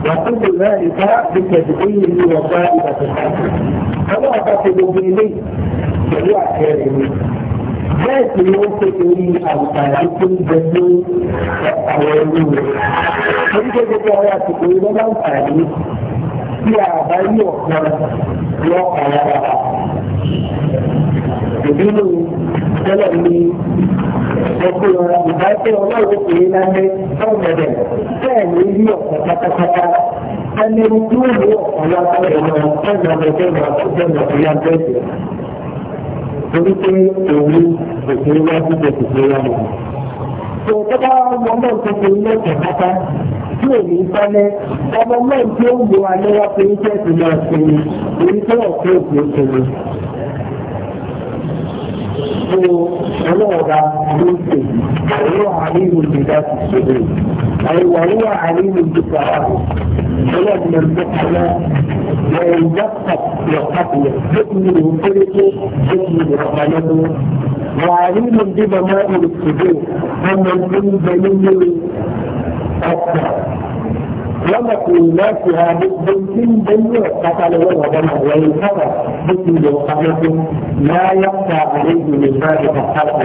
Wàtúndì náà ìfá ti pẹ̀lú ìlú ìlú ọ̀gá ìdàgbàsá. Àwọn àgbà ti gbogbo ilé pẹ̀lú àṣẹ rẹ̀ ni. Bẹ́ẹ̀ sì ni ó ṣe torí àǹfààní tó ń bẹ ní àwọn ẹlú rẹ̀. Orí gbogbo àwọn àsìkò yìí lọ́wọ́ àǹfààní tí a bá yí ọ̀kan lọ́kàn lára. Ìdílé àtẹ́lẹ̀ ní ẹgbẹ́ ìbáṣẹ́ ọlọ́run pè é lálẹ́ ọ̀gbẹ̀dẹ̀ bẹ́ẹ̀ ni rí ọ̀pọ̀ pátápátá ẹni tí ó rí ọ̀pọ̀ lábẹ́rẹ̀ náà ẹ̀nà tí ò ní sálẹ̀ ọmọ náà tí ó ń lo alẹ́ pé iṣẹ́ ti máa ni orí tó ọ̀pẹ́ òkú ó ni. so ọlọ́ọ̀dà ló ń pè wọ́n àlejò ìdá ti ṣòro àìwà wọ́n àlejò ìdíkà ààbò ọlọ́ọ̀dà ló ń pè wọ́n ìjà pàtàkì ọ̀pàtàkì ló ti ní ìwé péréte ló ti ní ìwé ọ̀pàlẹ́gbẹ́ وعليم بما ماء الصدور ومن من بني أكثر ومقوماتها بالدين بين القتل والغضب والكفر مثل وقالته لا يخفى عليه من باب الخلق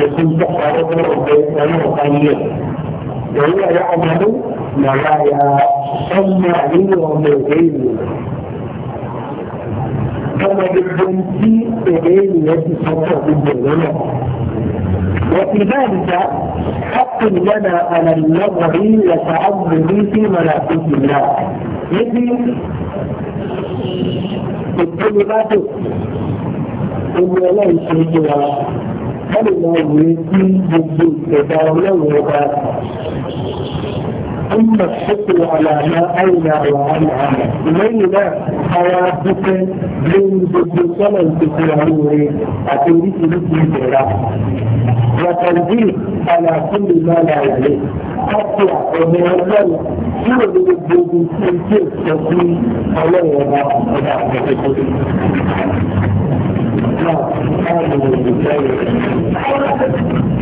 لكن تحرقه بين القليل وهو يعمل ما لا يسمى منه من كما بالبنتي إليه التي تفرق بالجنة وفي ذلك وقل لنا على النظر وتعبدي في ملائكة الله يجي الكلمات إن الله يسجدها هل الله بالجود إذا لم يبقى ثم الشكر على ما وعن عمل ليلة حياتك من بسنة تكرهوه أتريد مثل كراه وتنزيل على كل ما لا يليق أطلع ومن الظل سوى بالوجود تنزيل تسمي الله يضع نعم هذا هو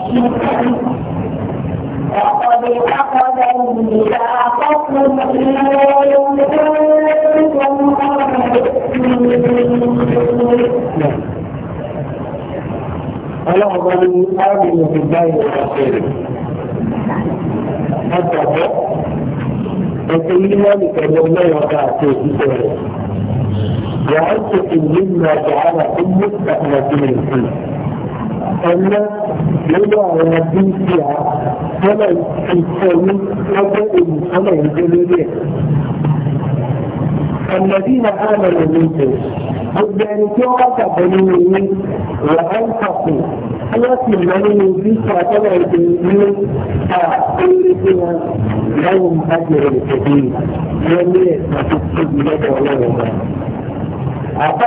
لقد أخذ ميثاقكم إن كنتم ألهم آمنوا بالله ورسوله أتقوا وكلنا لكي لا يقع تهديده وأنتم مما جعلكم مستخلفين فيه ọ̀nà nínú àwọn dúkìá tọ́lá ìfẹ̀mí ọjọ́ olùsọ́nà ìjọ lórí ẹ̀. Ànàbí na àmàlà lóko, gbogbo ẹni tí wọ́n bá tàbí nínú yín, wà á ń wọ́n sì mọ nínú dúkìá tọ́lá ìjọ ní à orí tí wọ́n láwọn bá jẹrẹ ìtẹ̀bí wọ́n ní ẹ̀sán tó Àbá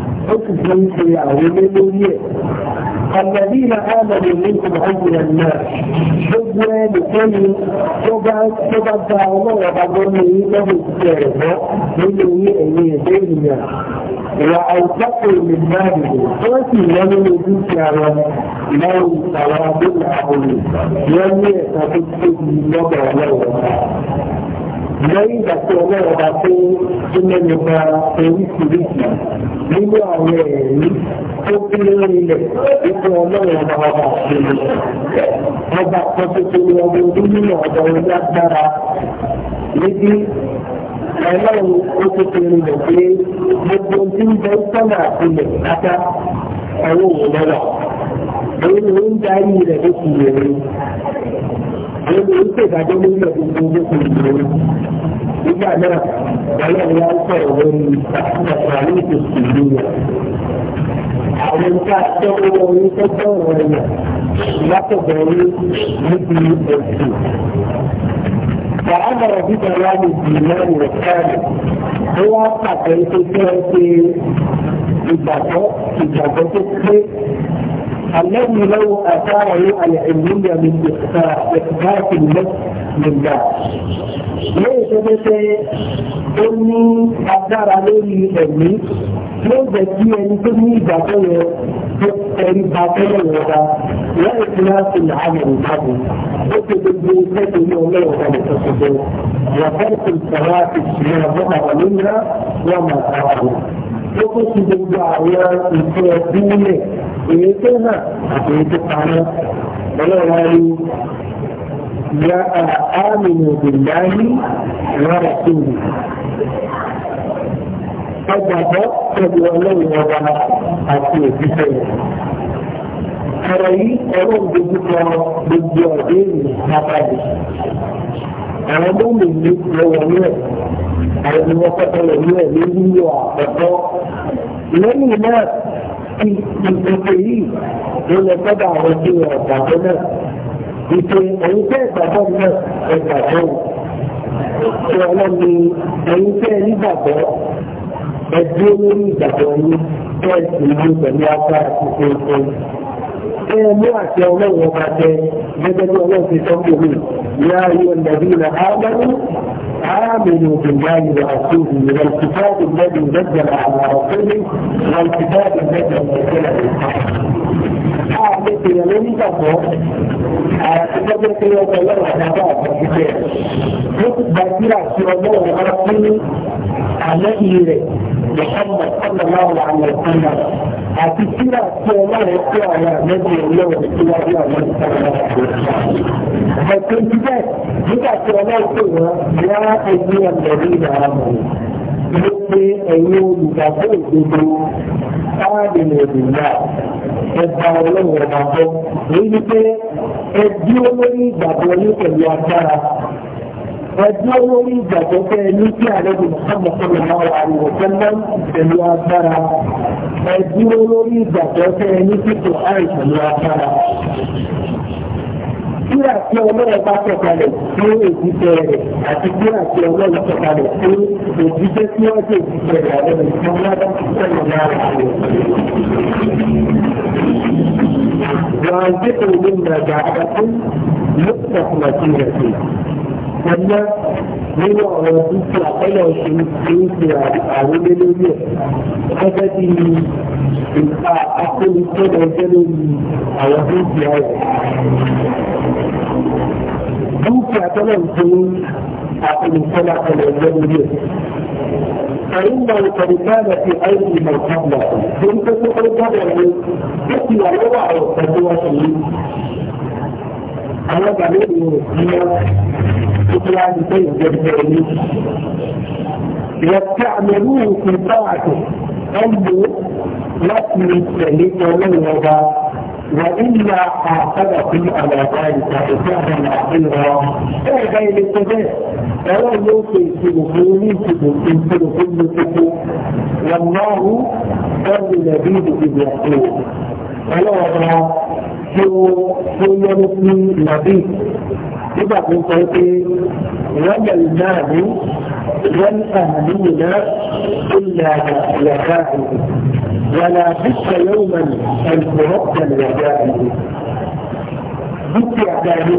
ó sì fi ń ṣe àwọn ilé lórí ẹ̀. الذين آمنوا منكم أولا الناس gbogbo ẹnikẹ́ni tó bá tó bá gba ọlọ́run ọba gbọ́nà yìí lọ́dún ti ẹ̀rẹ̀ mọ́ nínú yìí ẹ̀yìn ẹ̀dẹ́ ènìyàn ìwà àìsàkó lè má dìbò tó sì lọ nínú dúkìá wọn lẹ́yìn àwọn abúlé àwọn ènìyàn ní ẹ̀ka tó tóbi lọ́dọ̀ ọlọ́run ọba lẹ́yìn ìgbà tí ọlọ́run bá tó tó mẹ́nu ba oríṣiríṣi nínú àwọn ẹ̀rí tó kú lórí ilẹ̀ ipò ọlọ́run bá wà sí i. ọba kan tuntun ni ọmọ orí nínú ọ̀dọ̀ orí agbára níbi ọlọ́run ó tó tó rí ilẹ̀ pé gbogbo tí ń bẹ sọ́nà àtìlẹ̀ kátá ọwọ́ òun lọ́wọ́. èyí ló ń darí rẹ̀ lókùnrin àwọn oríṣi ìdájọ́ lórí ẹ̀kọ́ tó ń kó ìlú nígbà náà ọlọ́run wá ń sọ̀rọ̀ lórí ọ̀pọ̀ àwọn ètò ìlú rẹ̀ àwọn nǹkan àtẹ́wọ́ orí tó sọ̀rọ̀ rẹ̀ látọ̀bọ̀ orí níbi ẹ̀sìn فأمر ببيان الإيمان والكامل هو قد يتكلم في ìgbàgbọ́ ìgbàgbọ́ tó pé الذي لو أثار العلمية من إثبات النفس من ذلك ليش بس أمي أثار عليه أمي لو بكي أن تبني باطلة باطلة لغة وإخلاص العمل الحبيب بس تبني تبني الله وقال تصدق وفرق الصلاة الشيء ظهر منها وما أراه ó tó ti gbogbo àwọn ìfẹ́ ẹbí nílẹ̀ èyí tó hàn àti èyí tó pamọ́ ọlọ́run á rí ya àmìnà òbíláyé rárá tó wù. ọgbàgbọ́ pẹ̀lú ọlọ́run ọba àti òbíṣẹ́ rẹ̀. ọ̀rọ̀ yìí ọlọ́run dojú kọ gbogbo ọ̀dẹ́ lápáyé. àwọn mọ́mí ní lọ́wọ́ ní ẹ̀ àwọn ni wọ́n kọ́kọ́ ní ẹ̀ ní wíwọ́ lẹ́yìn náà ti ìpèsè yìí ló lọ sọ́dọ̀ àwọn tí wọ́n gbàgbọ́ náà ìpè ẹ̀yin tẹ́ ìgbàgbọ́ náà ẹ gbàgbọ́ tí ọlọ́run ni ẹ̀yin tẹ́ nígbàgbọ́ ẹ lórí ìgbàgbọ́ yín tẹ́ ìlú pẹ̀lú apá àti pínpín. ẹ mú àti ọlọ́run ọba jẹ gẹ́gẹ́ bí ọlọ́run ti sọ fún mi ní ayé ọ̀nàbí na ámánú آمنوا بالله ورسوله والكتاب الذي نزل على رسوله والكتاب الذي نزل بالحق. أعلم أن من تقوى أعتقد أن الله تعالى بالكتاب. يكتب في الله ورسوله على إيره محمد صلى الله عليه وسلم àti síra tí ọlọ́run kó àwọn àmẹ́bí ọlọ́run síwájú àwọn ìsọ̀rọ̀ ẹ̀sìn jíjẹ́ nígbà tí ọlọ́run pè wọ́n wá ẹgbẹ́ ọ̀gbẹ̀rí ìdára mọ̀ ló pé ẹ̀yin olùgbàgbọ́ òdodo káàdì lòdìgbà ẹ̀bà ọlọ́run ọ̀gbàgbọ́ èyí pé ẹbí olórí ìgbàgbọ́ ní pẹ̀lú agbára ẹ̀dúró lórí ìgbàgbọ́ pé ní kí àlejò Muhammad sallallahu alaihi wa sallam pẹ̀lú agbára ẹ̀dúró lórí ìgbàgbọ́ pé ní kí kò àì pẹ̀lú agbára. Kíra tí ọlọ́run bá sọ̀kalẹ̀ fún èjìṣẹ́ rẹ̀ àti kíra tí ọlọ́run sọ̀kalẹ̀ fún èjìṣẹ́ tí wọ́n ṣe èjìṣẹ́ rẹ̀ àwọn ìṣẹ́ ńláńlá sọ̀rọ̀ náà rẹ̀. Wàá ń dẹ́kun ní ìrìnàjò àdàkùn lókùtàkùn àti ìrẹsì. sannan nínú ọ̀rọ̀ títí àtẹ́lẹ̀ ṣe ń ṣe àwọn ilé lórí ẹ̀ gẹ́gẹ́ bí ìta akólítẹ́lẹ̀ ẹgbẹ́ lórí àwọn tó ń di ọ̀rọ̀. dúkìá tẹ́lẹ̀ ń ṣe akólítẹ́lẹ̀ akọ́lẹ̀ ẹgbẹ́ lórí ẹ̀. فإنه قد كان في أيدي من قبلكم، كنت تقول قبله، تأتي وضع فتوى شيء. أنا بعيد من استقلال شيء جبريل يستعملوه في طاعته قلبه لكن يستهلك ويوضع وإلا حافظكم على ذلك حسابا عقيرا إيه غير الاتجاه فلا يوصي في دخول في دخول والله بر لبيب إذ يقول فلا tí ó tó yọrù sí nàbí nígbà tó sọ pé ìrọ́lẹ̀ náà ní ìrọ́lẹ̀ àmàlìyàn náà tó lè àyàká ìlú wàlá bíkà yóò mọ̀ ní ẹ̀kọ́ ìrọ̀lẹ̀ ìlú dúkìá dáadé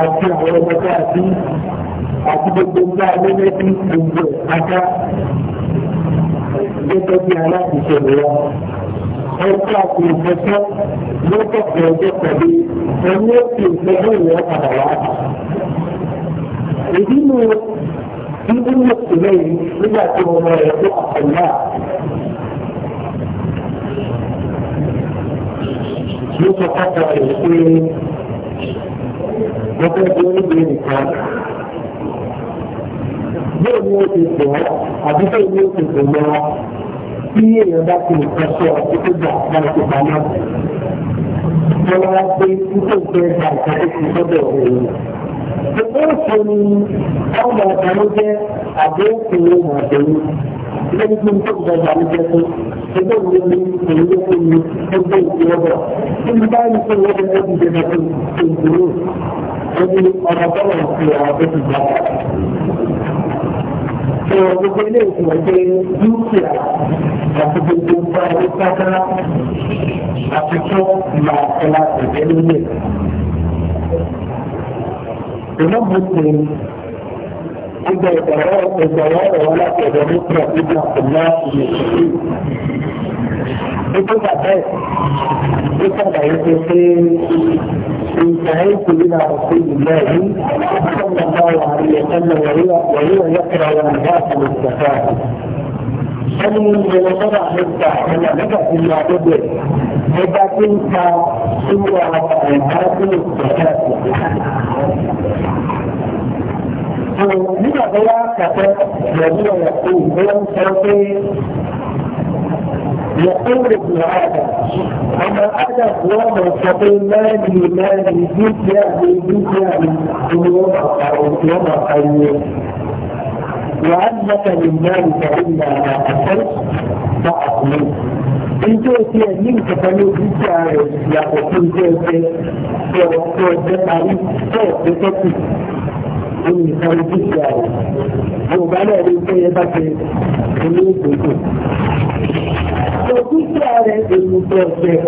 àti àwọn ọmọ káàkiri àti gbogbo ńlá lẹ́lẹ́bí gbogbo ẹ̀ka gẹ́gẹ́ bí aláàbìsẹ̀ mìíràn ọjọ́ àti ìfẹ́fẹ́ lọ́kọ̀ọ̀kan ọjọ́ pẹ̀lú ẹni òkè ìfẹ́fẹ́ ìwọ̀n padà wá. Èdè mú bíbí ní ìpínlẹ̀ yìí nígbà tí mo mọ ẹ̀rọ àpẹ̀lá. Ló sọ pàtàkì pé mo fẹ́ di oníbìrì nìkan. Bẹ́ẹ̀ ni ó ti sọ, àbí bẹ́ẹ̀ ni ó ti sọ lọ́wọ́ tí èèyàn bá ti lè fẹ́ sọ ọtí tó gbà láti ti bá náà. Wọ́n wá pé títí ìfẹ́ gba ìtọ́jú ti sọ́dọ̀ òun. Gbogbo òṣèlú ni ọmọ ọ̀dọ́ jẹ́ àbí òkèèrè ọmọ ọ̀dọ́ lẹ́yìn tí mo tó gbọdọ̀ àlejò tó ẹgbẹ́ òwe mi èyí ló fún mi ẹgbẹ́ ìgbìyànjọ tí mo bá ń fún wọn ẹgbẹ́ ìgbìyànjọ tó ìgbìyànjọ ẹni ọ̀nà bọ́ọ̀lù ti àwọn tó ti gbà tó gbogbo ilé ìtumọ̀ ṣe dúkìá àti gbogbo nǹkan ẹni pátá àti tó máa ṣe láti ṣe nílé. Ìmọ̀ Muslim إذا إذا رأى إذا رأى ولا تدرك إلا الله من الشريك nígbà bẹ́ẹ̀ ó sàlàyé pé pé انتهيت الى رسول الله صلى الله عليه وسلم وهو يقرا والناس بالزكاه ẹni ìrọ̀lọ́dọ́ àmẹ́ta ẹ̀yà mẹ́ta ti lọ àdógbè ẹgbà tí ń ta sínú àwọn ẹ̀ka tí ó tẹ̀lé ẹ̀sìn. nígbà tó wá kàtẹ́ lọ́dún ọ̀yà tó ìgbéyàwó sọ pé يقول هذا أما أنا هو مستقيم مالي مالي جيت يا أبي جيت يا أبي يوم يوم قيوم وأنك للمال فإلا ما أكلت فأقلت إن جئت منك فلو جئت يا أخي جئت يا أخي جئت bá ṣe ilé ìgbésẹ̀ àwọn dúkìá rẹ̀ èlùbọ̀ ọ̀gbẹ̀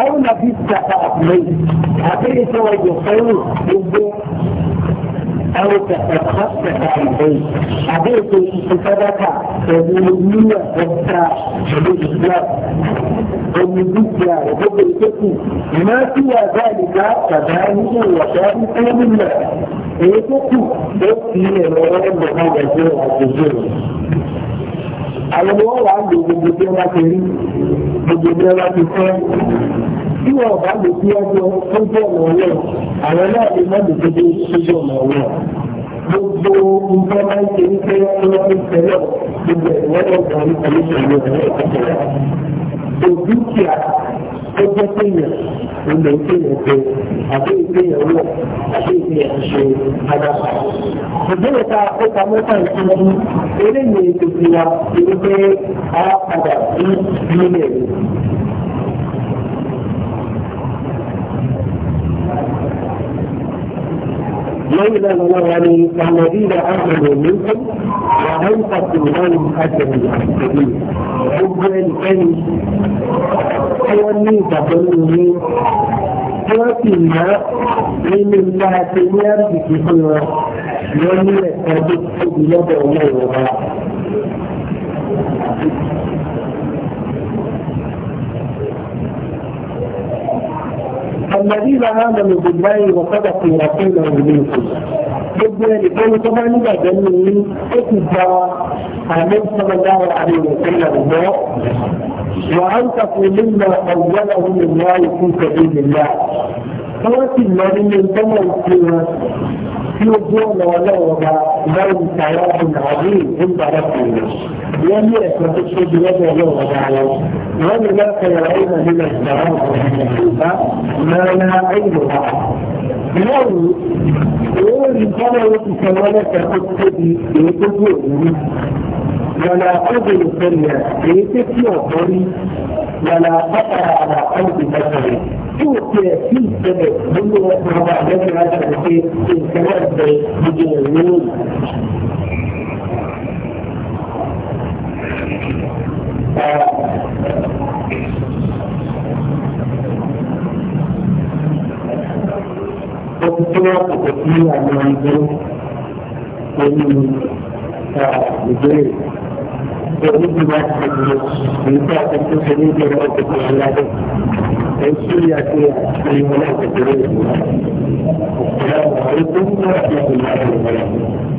àwọn nàbí ìtàkà àpòlẹ́yìn àbẹ́yẹ tó wà jọ fẹ́ràn gbogbo àwọn ìtàkà àpòlẹ́yìn àpòlẹ́yìn àbẹ́yẹ tó ṣiṣẹ́ sádàkà pẹ̀lú nílẹ̀ ọ̀tá pẹ̀lú ìgbà omi dúkìá rẹ̀ gbogbo ìtẹ́kù ìmọ̀ sí wà báyìí ká bàbá nínú ìwàdà ní fẹ́ràn náà èyí tó kù ó fi ẹ̀rọ ẹ̀rọ ẹ̀rọ ẹ̀jẹ̀ àjèjì rẹ̀ àwọn ni wọ́n wà lò gbogbo tí wọ́n bá ti rí gbogbo tí wọ́n bá ti fẹ́ tí wọ́n bá lò sí ọjọ́ lójú ọ̀nà ọ̀rẹ́ àwọn náà lè má lò gbogbo lójú ọ̀nà ọ̀rẹ́ gbogbo nǹkan máa ń ṣe ní pé wọ́n ti tẹ̀lé gbogbo ẹ̀rọ ọ̀gbọ̀n ní pẹ̀lú ìṣòro ẹ̀rọ ìṣòro ó jẹ́ kéèyàn ilẹ̀ kéèyàn tó àbí kéèyàn wọ̀ àbí kéèyàn ṣe adápa. ìbéèrè ta ó ta mẹ́ta ìṣẹ́jú eléyìí ètò ìwà ìwé á padà sí nílẹ̀ rẹ̀. لولا لنا يعني الذين آمنوا منكم lẹ́yìn pàtó lẹ́yìn àjẹmí àtẹ̀lé gbogbo ẹnikẹ́ni tí wọ́n ní ìgbàgbọ́ nínú ní tí wọ́n sì ná nínú ilé àti ní àbùkù fún wọn wọ́n ní ẹ̀ka tó tóbi lọ́dọ̀ ọmọ ìwọ̀nba. الذين آمنوا بالله وصدقوا رسوله منكم gbogbo ẹnìkan tó bá nígbàgbọ́ ní ní ó ti gba àmì sọmọdáwà àmì ìwòsílẹ̀ gbọ́ wà á ń tàkùn nígbà ọ̀gbọ́nà òun ìwà ikú tẹ̀lé nìyà wọ́n sì lọ nínú ìtọ́mọ̀ ìṣe wọn tí ó gbé ọ̀nà ọlọ́wọ́ bá báyìí ìtàwọn ọ̀hún àbí ìgbà lọ́kùn rẹ̀ wọ́n ní ẹ̀sán tó tóbi lọ́dọ̀ ọlọ́wọ́ bá wọn wọ́n ní lọ́kọ̀ yàrá ìmọ̀ nínú ìtàwọn ọ̀hún àbí ìgbà lọ́kùn rẹ̀ ìyàwó owó ìjọba owó ti san wọn lẹ́sẹ̀ tó tóbi èyí tó gbé òwúrí yàrá ọ̀gbìn ìfẹ̀lẹ̀ èyí tó kí ọ̀gbọ́n rí yàrá bàtàrà àrà ọ̀gbìn bàtàrà tí o ti ẹ̀ sí ìṣẹ̀lẹ̀ nínú ọ̀gbìn ọba àgbẹ̀fẹ̀ láti ṣe ìṣẹ̀lẹ̀ ìṣẹ̀lẹ̀ ìṣẹ̀lẹ̀ ìṣẹ̀lẹ̀ Thank you. tó àpòkò sí àwọn ẹgbẹ́ pẹ̀lú ìbéèrè. Èyí ti wá ti ṣe èyí tó àkókò ṣe ní ìbéèrè ọ̀pọ̀pọ̀ aládé. Èyí tó yà sí àṣeyọrí ọ̀pọ̀pọ̀ rẹ̀. Ìyá àwọn ọ̀rẹ́ tó ń bá àti ìgbìmọ̀ àwọn